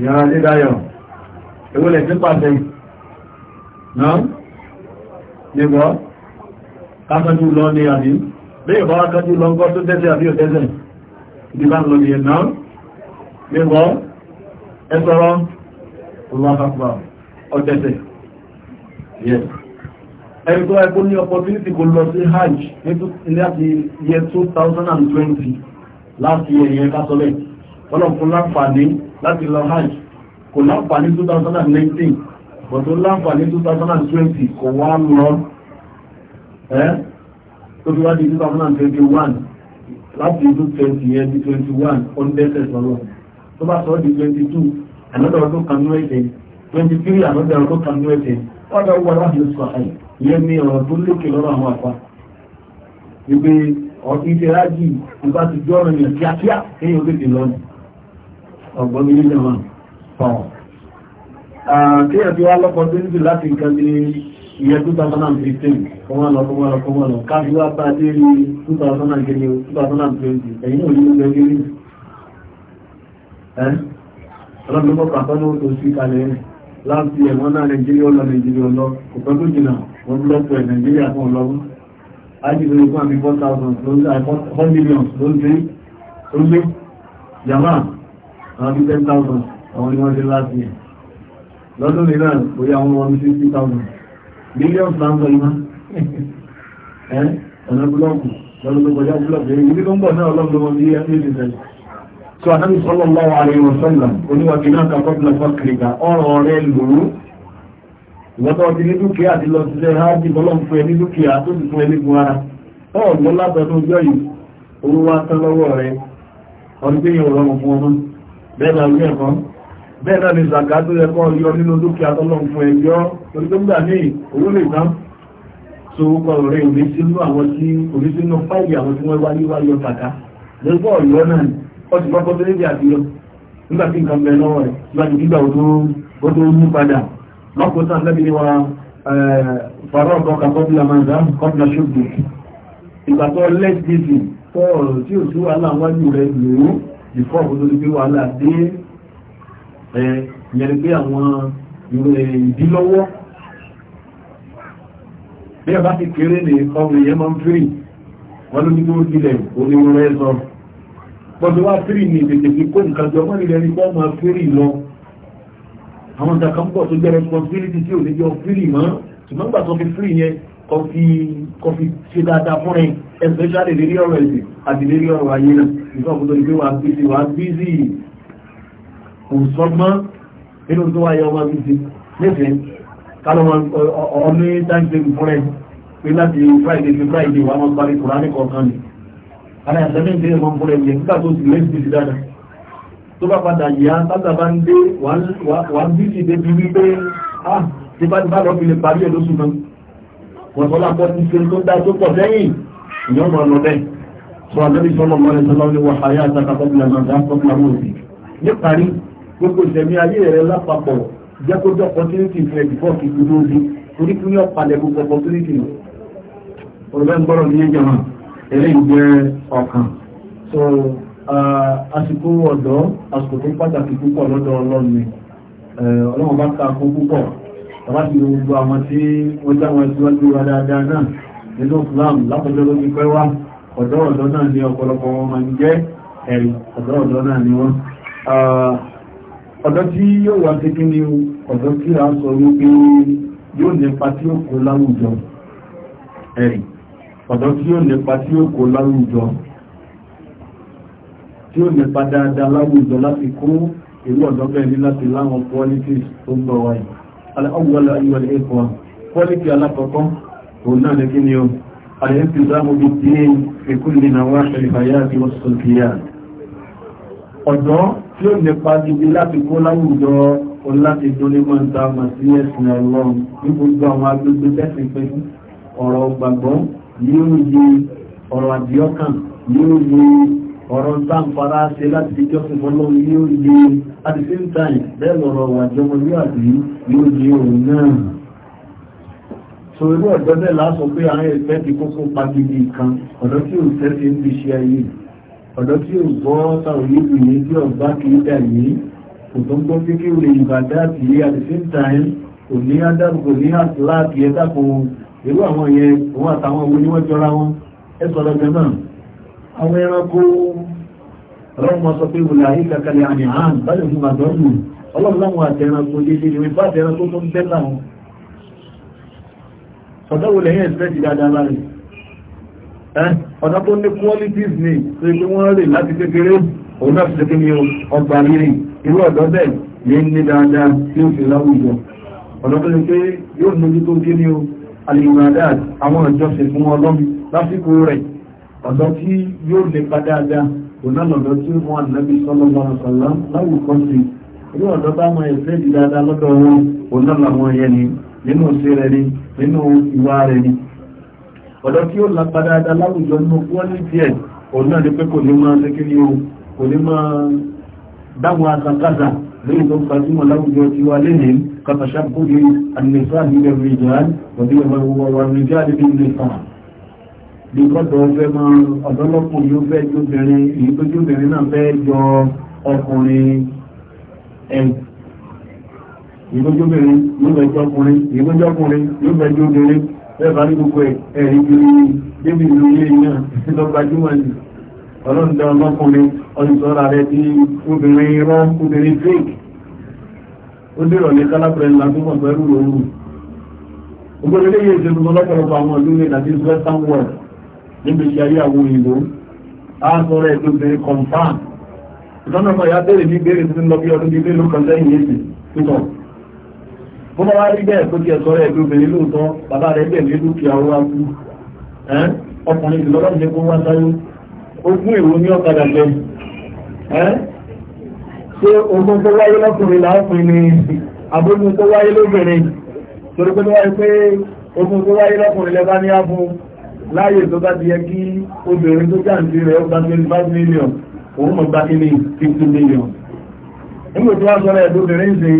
ìyára dídáyọ̀ ewúlẹ̀ tí pàṣẹ náà nígbọ́ kákanjú lọ ní àbí bí ìbá kákanjú lọ ń gọ́ tó tẹ́sẹ̀ àbí òtẹ́sẹ̀ ìdíbà lọ ní ẹ̀nà nígbọ́ ẹsọ́rọ́ ọlọ́pàá ọtẹ́sẹ̀ yes ẹni tó ẹkún ní opportunity kò lọ sí hajj láti year 2020 láti ẹ̀yẹ kásọ́lẹ̀ ọlọ́pùn láǹfààní láti lọ hajj kò láǹfà ní 2019 but ó ní 2020 kò wá lọ ẹ́ tó fi wá 2021 láti 2020 21 on dẹ́sẹ̀ tó bá sọ di 22 another ọdún kan ní 23 another ọdún kan ní ẹ̀sẹ̀ ọ̀dọ̀ wọ́n láti sọ àyè ìyẹn ni ọ̀rọ̀ tó lókè lọ́rọ̀ àwọn àpá ìbá ti kíákíá ọ̀gbọ́n mi nílẹ̀ wọn tọ̀ kí ẹ̀bí wá lọ́pọ̀ tó níbi láti nǹkan bí ìyẹn 2015 kọmọ́ lọ kọmọ́ lọ kọmọ́ lọ káfí wá bá dé rí 2020 ẹ̀yìn òní ló gbẹ́gbẹ́ rí ẹ́ ọlọ́dún mọ́kà tọ́nà ó tó sí kalẹ̀ rẹ̀ láti ẹ̀wọ́n náà Nàìjíríà lọ Nàìjíríà lọ kò pẹ́ tó jìnà wọ́n lọ́pọ̀ ẹ̀ Nàìjíríà fún ọlọ́wọ́ ájìlẹ̀ ogún àmì 4,000 ló ń gbé jàmáà àwọn bí 10,000 àwọn ni wọ́n ṣe láti ẹ̀ lọ́dún mìíràn kò yá àwọn ọmọ 60,000 millions láńsọ iná *laughs* ọ̀nà búlọ́ọ̀kù lọ́dún tó kọjá búlọ́ọ̀kù èyí tí ó ń bọ̀ náà ọlọ́dún ọmọ ẹgbẹ́ ìṣẹ̀lẹ̀ so anábì sallallahu alaihi wasallam oníwàbí náà kàkọ́tìlẹ̀ fọ́kìrìkà ọ̀rọ̀ rẹ̀ lòó lọ́tọ́ ti ní dúkìá ti lọ sílẹ̀ hájì bọ́lọ́n fún ẹni dúkìá tó sì fún ẹni gun ara ọ̀gbọ́n látọ̀dún ọjọ́ yìí owó bẹ́ẹ̀nà rí ẹ̀kan bẹ́ẹ̀nà ni zaka tó yẹ kọ́ yọ nínú dúkìá tọ́lọ́run fún ẹjọ́ torí tó ń gbà ní owó lè tán so kọ́ rẹ̀ òní sínú àwọn tí òní sínú fáìlì àwọn tí wọ́n wáyé wáyọ zaka lẹ́gbọ́ ọ̀yọ́ náà ó ti kọ́kọ́ tó lébi àbíyọ nígbà tí nǹkan bẹ lọ́wọ́ rẹ̀ láti gbígbà ó tó mú padà lọ́kùnrin náà lẹ́bi ni wa fàárọ̀ ọ̀kan kọ́bílà máa ń dá kọ́bílà ṣóògùn ìgbà tó lẹ́sìdìsì fọ́ọ̀rọ̀ tí ò sí wàhálà wájú rẹ̀ lòó before kó tó di pé wàhálà dé ẹ ìyẹn pé àwọn ìdílọ́wọ́ bí ẹ bá ti kéré ní ọmọ ìyẹn máa ń fírì wọ́n ló ní tó sílẹ̀ onímọ̀ rẹ̀ sọ pọ̀tọ̀ wá fírì ní ìpètè fi kó nǹkan jọ wọ́n ilẹ̀ ní kọ́ máa fírì lọ àwọn ìdàkàmbọ̀ tó jẹ́ responsibility tí ò ní jọ fírì mọ́ ṣùgbọ́n gbà tó fi fírì yẹn kọfí ṣe dáadáa fún rẹ̀ especially lérí ọ̀rọ̀ ẹ̀sìn àti lérí ọ̀rọ̀ ayé náà nígbà tó ní pé wà bízi wà bízi kò sọgbọ́n nínú tó wáyé ọmọ bízi nífẹ̀ẹ́ kálọ́mọ ọmọ táìsẹ̀gì fún rẹ̀ pé láti friday to friday wà máa parí kùránì kọ̀ọ̀kan ni ara ìṣẹ́lẹ̀ ìṣẹ́lẹ̀ mọ́ fún rẹ̀ yẹ nígbà tó sì lẹ́sì bízi dáadáa tó bá padà yá sábà ń dé wà bízi débi wípé ah ti bá lọ́ fi lè parí ẹ̀ lóṣù náà wọ̀tọ́lápọ̀ ti ṣe tó dá tó pọ̀ sẹ́yìn ìyọ́n mọ̀ lọ́bẹ̀ sọ àdébí sọ́nà mọ́lẹ̀ sọ́nà ní wọ́n àyà àtàkà tọ́pìlà náà dá tọ́pìlà mọ́ òbí níparí gbogbo ìṣẹ̀mí ayé rẹ̀ lápapọ̀ jẹ́ kó jọ opportunity fún ẹ̀dì fọ́ọ̀kì gbogbo obi torí fún yọ palẹ̀ gbogbo opportunity nù ọ̀rẹ́ ń gbọ́rọ̀ ní ẹjọ́mà ẹ̀rẹ́ ìgbẹ́ ọ̀kan so uh, àsìkò ọ̀dọ́ àsìkò tó pàtàkì púpọ̀ lọ́dọ̀ ọlọ́run ọlọ́run bá ka kó púpọ̀ tàbá ti gbogbo àwọn tí wọ́n jáwọn ìsíwájú wa dáadáa náà nínú Islam lápọ̀jọ́ ló pẹ́ wá ọ̀dọ́ ọ̀dọ́ náà ni ọ̀pọ̀lọpọ̀ wọn máa ń jẹ́ ẹ̀rì ọ̀dọ́ ọ̀dọ́ náà ni wọ́n ọ̀dọ́ tí yóò wá sí kí ni ọ̀dọ́ tí a sọ wípé yóò nípa tí ó kó láwùjọ ẹ̀rì ọ̀dọ́ tí yóò nípa tí ó kó láwùjọ tí ó nípa dáadáa láwùjọ láti kó ìlú ọ̀dọ́ bẹ́ẹ̀ ní láti láwọn politics tó ń bọ̀ wáyìí aláwọ̀lá ìwọ̀n ẹ̀kọ́ pọ́lìkì alákọ̀ọ́kọ́ òun náà ní kí ni ó alẹ́kùnzámù bí tí ẹkùn ní àwọn àṣẹlẹ̀fàyà àti wọ́sọ̀lẹ̀fìyà ọ̀dọ́ tí ó nípa dìbí láti kó láwùjọ láti dúnlé máa ń ta mà sí ẹ̀sìn ọlọ́run ní gbogbo àwọn agbègbè tẹ́sìn pé ọ̀rọ̀ gbàgbọ́ yóò yí ọ̀rọ̀ àdíọ́kàn yóò yí ọ̀rọ̀ ń tán fara ṣe láti fi fún ọlọ́run ní ó at the same time bẹ́ẹ̀ lọ́rọ̀ wà jọmọ ní àbí yóò yé òun náà so irú ọ̀dọ́ bẹ́ẹ̀ lásọ pé àwọn ẹ̀fẹ́ ti kókó pagidi kan ọ̀dọ́ tí ò tẹ́ fi ń fi ṣe ayé ọ̀dọ́ tí ò gbọ́ táwọn yìí ní tí ọ̀gbá kì í dà yìí kò tó ń gbọ́ pé kí o lè ìbàdá àti at the same time kò ní ádámù kò ní àtìláàkì ẹ̀dá kan irú àwọn yẹn òun àtàwọn owó ni wọ́n jọra wọn ẹ sọ̀rọ̀ gẹ́gẹ́ náà àwọn ẹranko ọlọ́mọ sọ pé wùlà yìí kàkàlẹ̀ àmì hàn báyìí fún àdọ́lù ọlọ́run láwọn àtẹranko dédé ni wípá àtẹranko tó ń tẹ́lá wọn ọ̀dọ́wò lẹ́yìn ẹ̀sẹ̀ dáadáa láàrin ọ̀dọ́ tó ní qualities ni tó ikú wọ́n rè láti kékeré òun náà fi kékeré ọgbà rírì irú ọ̀dọ́ bẹ́ẹ̀ ní ní dáadáa tí ó fi láwùjọ ọ̀dọ́ tó ní kí ni o alìmọ̀dáàd àwọn ọ̀nà tí yóò lè padà dáa ọ̀nà lọ́dọ̀ tí wọ́n ànábì sallallahu alaihi wasallam láwùkọ́ sí irú bá mọ ẹ̀fẹ́ di lọ́dọ̀ wọn ọ̀nà làwọn yẹn ni nínú ṣe rẹ̀ ni nínú ìwà rẹ̀ ni ọ̀dọ́ tí ó lápa dáadáa láwùjọ nínú wọ́n ní díẹ̀ ọ̀nà ni pé kò ní máa lékiri o kò ní máa dáwọn àtàkàtà lórí tó gbajúmọ̀ láwùjọ tí wà lẹ́yìn kàtàṣàkóyè àníṣà nílẹ̀ rìjàn òdí ọmọ ìwọ̀n rìjàn bíkọ́tọ̀ ọfẹ́ máa ọ̀dọ́lọ́pùn yóò fẹ́ jóbìnrin èyí tó náà fẹ́ jọ ọkùnrin yóò fẹ́ jọ ọkùnrin ní gbogbo ẹ̀rí kiri níbi iṣẹ́ ayé àwọn òyìnbó a sọ rẹ̀ tó bẹ̀rẹ̀ confam ìtọ́nà ọmọ ìyá bẹ̀rẹ̀ ní bẹ̀rẹ̀ tó ń lọ bí ọdún bíbélò kan lẹ́yìn èsì pítọ̀ bó bá wá rí bẹ́ẹ̀ tó ti ẹ̀sọ́ rẹ̀ tó bẹ̀rẹ̀ lóòótọ́ bàbá rẹ̀ bẹ̀rẹ̀ lókè àwọn akú ọkùnrin ìlọ́lọ́ ní kó wá sáyé ogún èrò ní ọ̀kadà lẹ ṣé ogún tó wáyé lọ́kùnrin láàpin ni abógun tó wáyé lóbìnrin torí pé tó wáyé pé ogún tó wáyé lọ́kùnrin lẹ́bá ní ábùn láyé tó bá ti yẹ kí obìnrin tó jáǹtì rẹ̀ ó gba 25 million òun mọ̀ gba kíní 50 million nígbò tí wọ́n sọ́rọ̀ ẹ̀dóbìnrin ṣe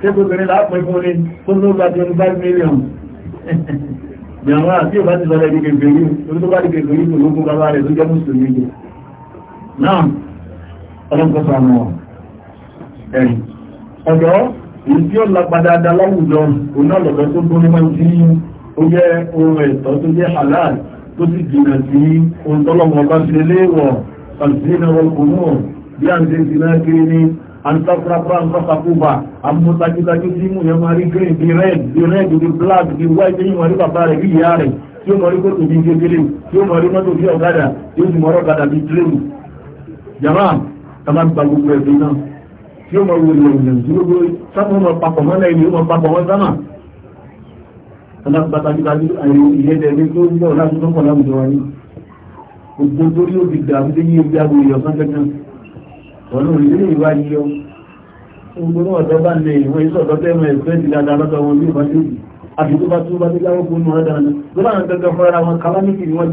ṣé tóbìnrin láàpín fún ní tó tó gba 25 million ìyàwó àti ò bá ti sọ́rọ̀ ẹ̀dí kèfèrí orí tó bá ti kèfèrí kò ló kún bàbá rẹ̀ tó jẹ́ mùsùlùmí jù náà ọlọ́pọ̀ sọ̀rọ̀ ẹ̀yìn ọ̀dọ́ èyí tí ó lápa láwùjọ òun náà lọ̀dọ́ tó tó jẹ́ tó sì jìnà sí ohun tọ́lọ́wọ́ bá ṣe léèwọ̀ pàṣínà ọkùnmọ́ bí a ń ṣe jìnà kiri ní antakurapa antasakuba amútajútajú tí mú yẹn máa rí green bí red bí red bí black bí white yìí wọ́n rí bàbá rẹ̀ bí ìyá rẹ̀ tí ó mọ̀ rí kótó bí kékeré tí ó mọ̀ rí mọ́tò bí ọ̀gádà tí ó sì mọ̀ ọ̀gádà bí tírèmù jama tàbá gba gbogbo ẹ̀sìn náà tí ó mọ̀ wọlé ìlànà tí ó gbé sáfún ọmọ papọ̀ mọ́lẹ̀ ìlú ọmọ papọ̀ mọ́ sámà alápàtàkìtàkì ìyẹ́dẹ̀ẹ́gbẹ́ tó ń lọ láti tọ́pọ̀ láwùjọ wa ní gbogbo torí ó ti dàbí tó yí ebi agbóyè ọ̀sán kankan ọ̀nà òrìlé ìwà yíyọ gbogbo náà ọ̀dọ́ bá lè ìwọ̀n iṣẹ́ ọ̀dọ́ tẹ́mọ̀ ẹ̀fẹ́ ti dáadáa lọ́dọ̀ wọn ní ìbájú àti tó bá tó bá ní láwọn fún wọn dáadáa tó bá ń gẹ́gẹ́ fún ara wọn kalamity ni wọ́n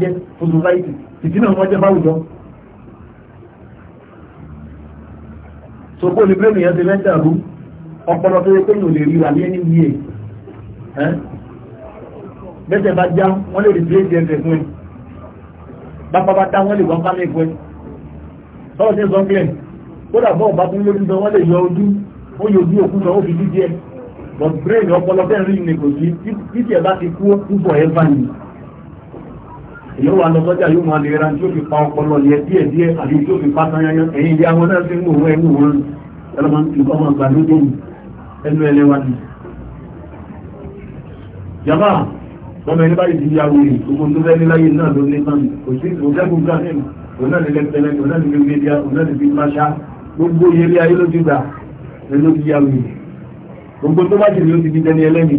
jẹ́ fún bẹ́sẹ̀ bá já wọ́n lè replace the ẹsẹ̀ fún ẹ bápá bá tá wọ́n lè wọ́n pàmì fún ẹ sọ́wọ́ sí sọ glen kódà bọ́ọ̀ bá fún lórí sọ wọ́n lè yọ ojú ó yọ ojú òkú sọ ó fi dídí ẹ but brain ọpọlọ bẹ́ẹ̀ rí ni kò sí títí ẹ bá ti kú púpọ̀ ẹ bá ní èyí wà lọ sọ́jà yóò máa lè ra tí ó fi pa ọpọlọ yẹ díẹ̀ díẹ̀ àti tí ó fi pa sanyanyan ẹ̀yìn ilé àwọn náà fi ń wò wọ́n ẹ̀wò wọn ẹlọ́mọ nǹkan ọmọ lọ́mọ ẹni báyìí ti yàwó rẹ̀ gbogbo tó fẹ́ níláyé náà ló ní sàn kò sí òjẹ́kùn gánìm onánilẹ́pẹ̀lẹ́ onánilẹ́gbẹ̀díà onánilẹ́gbẹ̀máṣá gbogbo yẹlé ayé ló ti gbà ló ti yàwó rẹ̀ gbogbo tó bá jìnnì ló ti di dẹni ẹlẹ́ni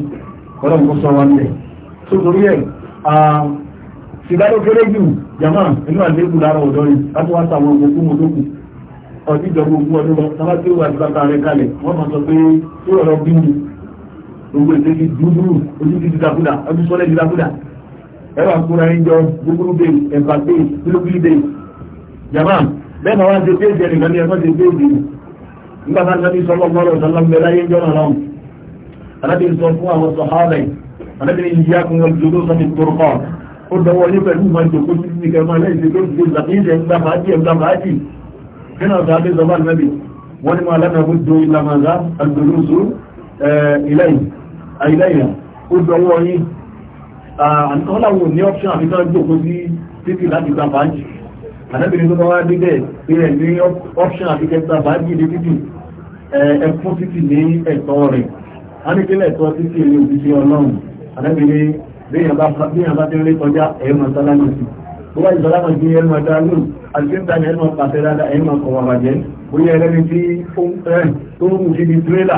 ọlọ́run kò sọ wa ń bẹ̀ tó torí ẹ̀ sìgá ló kéré jù jàmá inú àlékù lára ọ̀dọ́ yìí láti wá sàwọn gbogbo mọ́ lókù ọdún ìjọba ogun ọdún lọ sábà tí ó wà gbogbo èdè ti dúdú ojú ti dìdàkúdà ojú sọ́lẹ̀ dìdàkúdà ẹwà kúra ń jọ gbogbo bẹ ẹ̀fà bẹ kílógílì bẹ jàmá bẹ́ẹ̀ máa wá ṣe péjì ẹnìkan ní ẹ̀fọ́ ṣe péjì nígbà tá a sọ ní sọ́lọ́ mọ́rọ̀ sọ́lọ́ ń bẹ láyé ń jọ́nà lọ́wọ́ alábì ń sọ fún àwọn sọ̀hábẹ̀ alábì ń yá kún wọn jòdó sọ́ni tórúkọ́ ó dọwọ́ ní pẹ̀lú ìmọ̀ ìjòkó sí ti kẹ́ máa lẹ́yìn tó ti ṣàkíyèsí ẹ̀ńgbà fàájì ẹ̀ńgbà fàájì nínú ọ̀sán abẹ́ sọ́bà nẹ́bì máa lánàá àìlẹ́yìn ó dọwọ́ yín àtọ́ láwọn ò ní option àti náà jòkó sí títì láti gba báńkì àdẹ́bìnrin tó bá wá dídẹ̀ pé ẹ̀ ní option àti kẹta báńkì ní títì ẹ̀fún títì ní ẹ̀tọ́ rẹ̀ a ní kílẹ̀ ẹ̀tọ́ títì ní òṣìṣẹ́ ọlọ́run àdẹ́bìnrin bí èèyàn bá ti rí kọjá ẹ̀yọ́ sálámà sí wọ́n yìí sọ́lá màjí ẹnu ọ̀dá lóòrùn àjíńtà ní ẹnu ọ̀pàṣẹ dáadáa ẹnu ọ̀kọ̀wà bàjẹ́ bóyá ẹlẹ́ni tí ó ń mú sí ní tírélà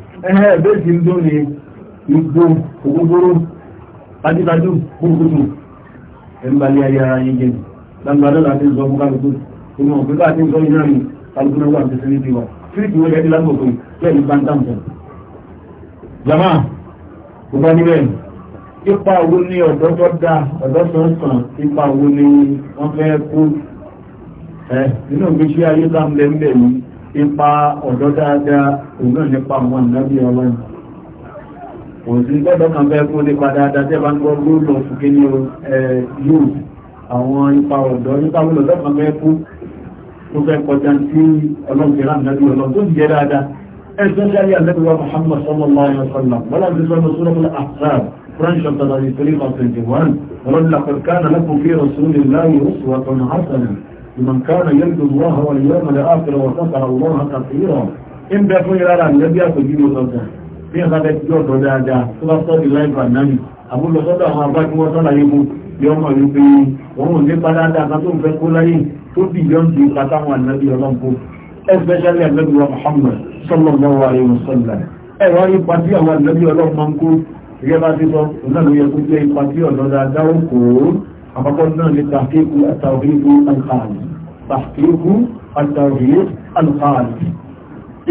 ẹ̀hẹ́ ẹ̀bẹ́jì ló ní igbó ògógóró tajítajú gbogbo ẹ̀mbàlẹ̀ ayé ara yẹn jẹ́ lágbàdọ́ láti sọ fún kálukú inú ọ̀pẹ́ bá ti sọ iná mi kálukú náà wà tẹ́sí níbi wa fíìkì wọ́n yẹ́dí lágbòkò lẹ́yìn bántàmù jama gbogbo níbẹ̀ ipa owó ní ọ̀dọ́ tó dá ọ̀dọ́ tó ń sàn ipa owó ní wọ́n ẹ̀ nínú ìgbésí ayé tá ń yìí ipa ọ̀dọ́ dáadáa òun náà nípa àwọn ànábí ọlọ́run òsì gbọ́dọ̀ kan fẹ́ fún nípa dáadáa tẹ́ bá ń gbọ́ ló lọ ní yóò àwọn ipa ọ̀dọ́ nípa ọlọ́dọ́ kan fẹ́ tó fẹ́ kọjá sí ọlọ́run لمن كان يرجو الله واليوم الآخر وفتح الله كثيرا ń bẹ fún ìrara ìlẹ́bí àpèjúwe ọ̀gá bí ẹ̀ka bẹ ti ọ̀dọ̀ dáadáa tó bá sọ́ọ̀dì láìpẹ́ ànáni àmúlọsọ́dọ̀ àwọn abá tí wọ́n sọ́làyé mu bí ọmọ yìí pé òun ò ní padà kan tó ń fẹ́ kó láyé tó bì yọ́n ti ka táwọn ànábi ọlọ́mpo especially ànábi wa Muhammad sallallahu alaihi wasallam ẹ wá rí ipa tí àwọn ànábi ọlọ́mọ ń kó ìyẹ́ bá ti sọ òun náà ló yẹ kó jẹ́ ipa tí ọ̀dọ̀ dáadáa ó kòó àkọ́kọ́ náà lè tàfíkù àtàwíkù alkhali tàfíkù àtàwíkù alkhali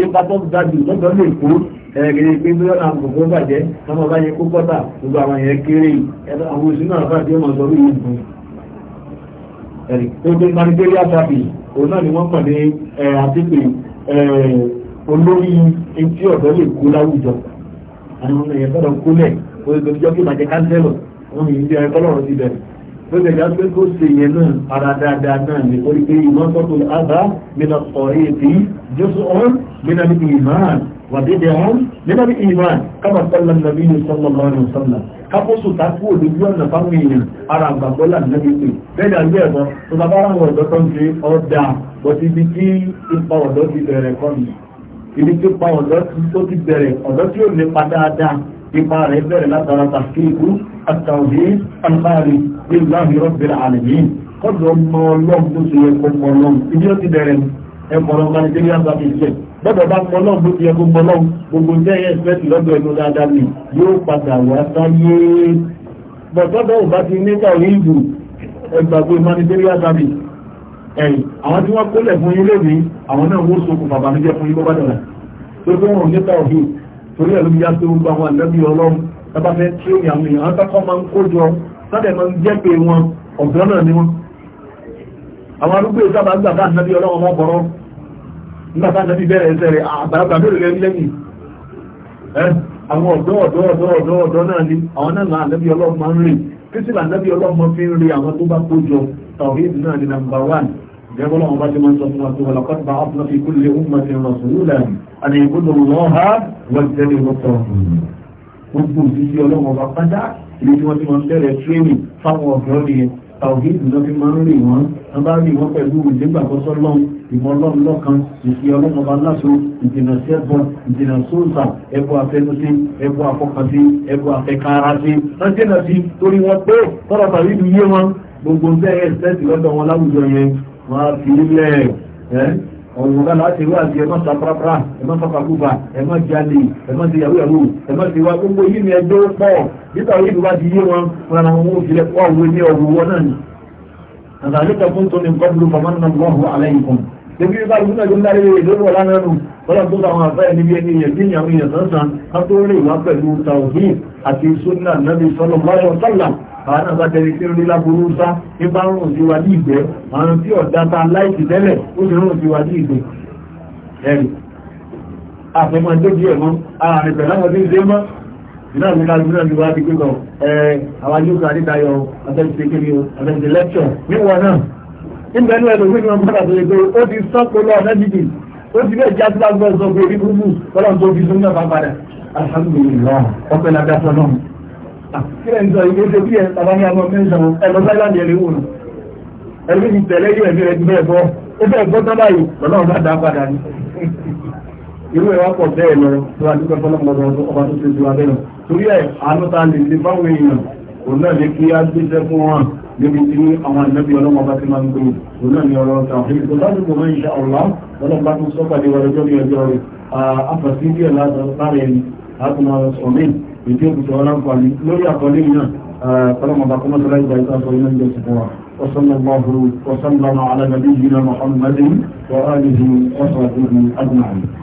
ipa tó dájú lọ́dọ̀ lè kú ẹ̀rẹ̀ pé bí ọ̀nà àgbògbò bàjẹ́ tọ́mọ bá yẹ kó pọ́tà gbogbo àwọn èèyàn kéré àwọn òṣìṣẹ́ náà bá bí ọmọ sọ lórí ìgbò ẹ̀rì tó gbé managerial service òun náà ni wọ́n pọ̀ ní àtìpé olórí etí ọ̀dọ́ lè kú láwùjọ àwọn ọmọ èèyàn tọ́lọ kúlẹ̀ oṣù tó jọ́ kí màjẹ́ káńsẹ́lọ̀ wọ́n yìí ń jẹ́ ẹ̀kọ́ ti bẹ̀rẹ̀ lójẹ̀dá pé kó ṣe yẹn náà ara dáadáa náà ní orí pé ìmọ́sọ́tò àbá nínú ọ̀rẹ́ èdè jésù ọ̀hún nínú ní ìmáàn wàdédé ọ̀hún nínú ní ìmáàn kábà sọ́lá nàbí ní sọ́lá lọ́rùn sọ́lá kápọ́sù takú olójú ọ̀nà fáwọn èèyàn ara àgbàgbọ́lá nàbí pé bẹ́ẹ̀ dàgbé ẹ̀bọ tó bá bára àwọn ọ̀dọ́ tó ń ṣe ọ̀dà bọ́tí ibi tí ipa ọ̀dọ́ ti bẹ̀rẹ̀ kọ́ mi ibi tí ipa ọ̀dọ́ tó ti bẹ̀rẹ̀ ọ̀dọ́ tí ò nípa dáadáa ipa rẹ̀ bẹ̀rẹ̀ látara tàfíìkú àtàwé aláàrí níláàrí rọ́bìnrin àlèyé kọ́dọ̀ ọmọ ọlọ́run tó ṣe ẹ̀kọ́ ọmọ ọlọ́run ibi ó ti bẹ̀rẹ̀ ẹ̀kọ́ ọmọ nàìjíríà bá fi ṣe bọ́dọ̀ bá mọ ọlọ́run tó ṣe ẹ̀kọ́ ọmọ ọlọ́run gbogbo jẹ́ ẹ̀ẹ́sẹ̀tì lọ́dọ̀ ẹ̀kọ́ dáadáa ni yóò padà wá sáyé bọ̀tọ́dọ̀ ò bá ti ní kàwé ìlú ẹgbàgbé humanitarian ẹ̀yìn àwọn tí wọ́n kólẹ̀ fún yín lónìí àwọn náà wó sokùn bàbá mi jẹ́ fún yín bó tó tó wọn ní kàwé torí ẹ̀lú ya tó gbogbo àwọn ànábì ọlọ́run tàbá fẹ́ tí ó yà mìíràn án tọ́kọ́ máa ń kójọ sọ́dẹ̀ máa ń jẹ́ pé wọn ọ̀gá náà ni wọ́n àwọn arúgbó ìsábà bá ọlọ́run ọmọ bọ̀rọ̀ nígbà bá ànábì bẹ̀rẹ̀ ẹsẹ̀ rẹ̀ àgbàlagbà lẹ́yìn ẹ àwọn ọ̀dọ́ ọ̀dọ́ ọ̀dọ́ ọ̀dọ́ ọ̀dọ́ náà ni àwọn náà ọlọ́run máa ń rìn kí sì ọlọ́run fi جابوا لهم بعد من تصنعت ولقد بعثنا في كل أمة رسولا أن يعبدوا الله واجتنبوا الطاغوت gbogbo ìdíjí ọlọ́run ọba pátá ilé tí wọ́n ti máa ń bẹ̀rẹ̀ tírénì fáwọn ọ̀dọ́ ni tàwíìdì náà fi máa ń rìn wọ́n wọ́n bá rìn wọ́n pẹ̀lú ìdígbàgbọ́sọ́ lọ́n ìmọ̀ ọlọ́run lọ́kan ìfi ọlọ́run ọba láṣọ ìdènà sẹ́bọ ìdènà sóòsà ẹbọ afẹnusí ẹbọ afọkànsí ẹbọ afẹkàràsí wọ́n dènà sí torí wọn pé tọ́lọ̀ tàwíìdì yé wọn gbogbo ń bẹ̀rẹ̀ sẹ́ẹ̀tì lọ́dọ̀ wọn láwùjọ yẹn máa fi ilẹ̀ ọ̀rùn kan láti wá sí ẹmọ́ sàpárápárá ẹmọ́ sàpàkúfà ẹmọ́ jalè ẹmọ́ ti yàwó yàwó ẹmọ́ ti wá gbogbo yìí ni ẹjọ́ pọ̀ nípa orí ìlú bá ti yé wọn fúnra wọn ó fi lẹ́kọ́ òwe ní ọ̀rùn wọn náà ni. àtàlẹ́kọ̀ fún tó ní nǹkan dúró fọmọ́ náà wọ́n hù alẹ́ yìí fún un. Ebi bá gbogbo ẹgbẹ́ ńlá rẹ̀ lórí ọ̀la náà nù, ọlọ́run tó àwọn àfẹ́ ẹni bí ẹni yẹn bí ìyàwó yẹn sọ́sàn, ká tó rí ìwà pẹ̀lú tàwùjí àti súnà nàbì sallallahu alaihi wasallam àwọn náà bá tẹ́lẹ̀ tí ó rí láburú sá ní bá rùn sí wa ní ìgbẹ́ àwọn tí ọ̀dá ta láìsí tẹ́lẹ̀ ó sì rùn sí wa ní ìgbẹ́ ẹ̀rì àfẹ́mọ́ dójú ẹ̀mọ́ ààrẹ pẹ̀lú àwọn tí ń ṣe mọ́ iná mi ká lórí ọdún wájú pé kàn ẹ àwọn yóò o abẹ́sẹ̀ lẹ́kṣọ̀ níwọ̀n náà nígbà inú ẹ̀rọ gbẹ́ni wọn padà tó lè pé ó ti sọ́kò lọ ọ̀dẹ́dìdì ó ti bẹ́ẹ̀ jásí lágbọ́n sọ pé alhamdulillah ọpẹ́ lágbàsọ kílẹ̀ ń sọ ìgbé ṣe bí ẹ bàbá ní àwọn mẹ́sàn ẹlọ sáìláńdì ẹ̀rẹ́ wò nù ẹ̀rí ti tẹ̀lé yóò ẹ̀mí rẹ̀ ti bẹ́ẹ̀ bọ́ ó fẹ́ gbọ́ tán báyìí lọ́nà ọ̀gá dá padà ní. irú ẹ̀ wá pọ̀ bẹ́ẹ̀ lọ tó a dúpẹ́ fọlọ́mọdọ́ ọba tó ṣe ju abẹ́ lọ torí ẹ̀ àánú ta lè ṣe fáwọn èèyàn òun náà lè kí á gbéṣẹ́ fún wọn bá ti máa ìdí òkùtù ọlọ́pàá lórí àkọlé náà kọlọ́mọba kọmọ́sọ́lá ìgbà ìtàṣọ́ iná ìjọ ṣùgbọ́n وصلى الله وسلم على نبينا محمد وآله وصحبه أجمعين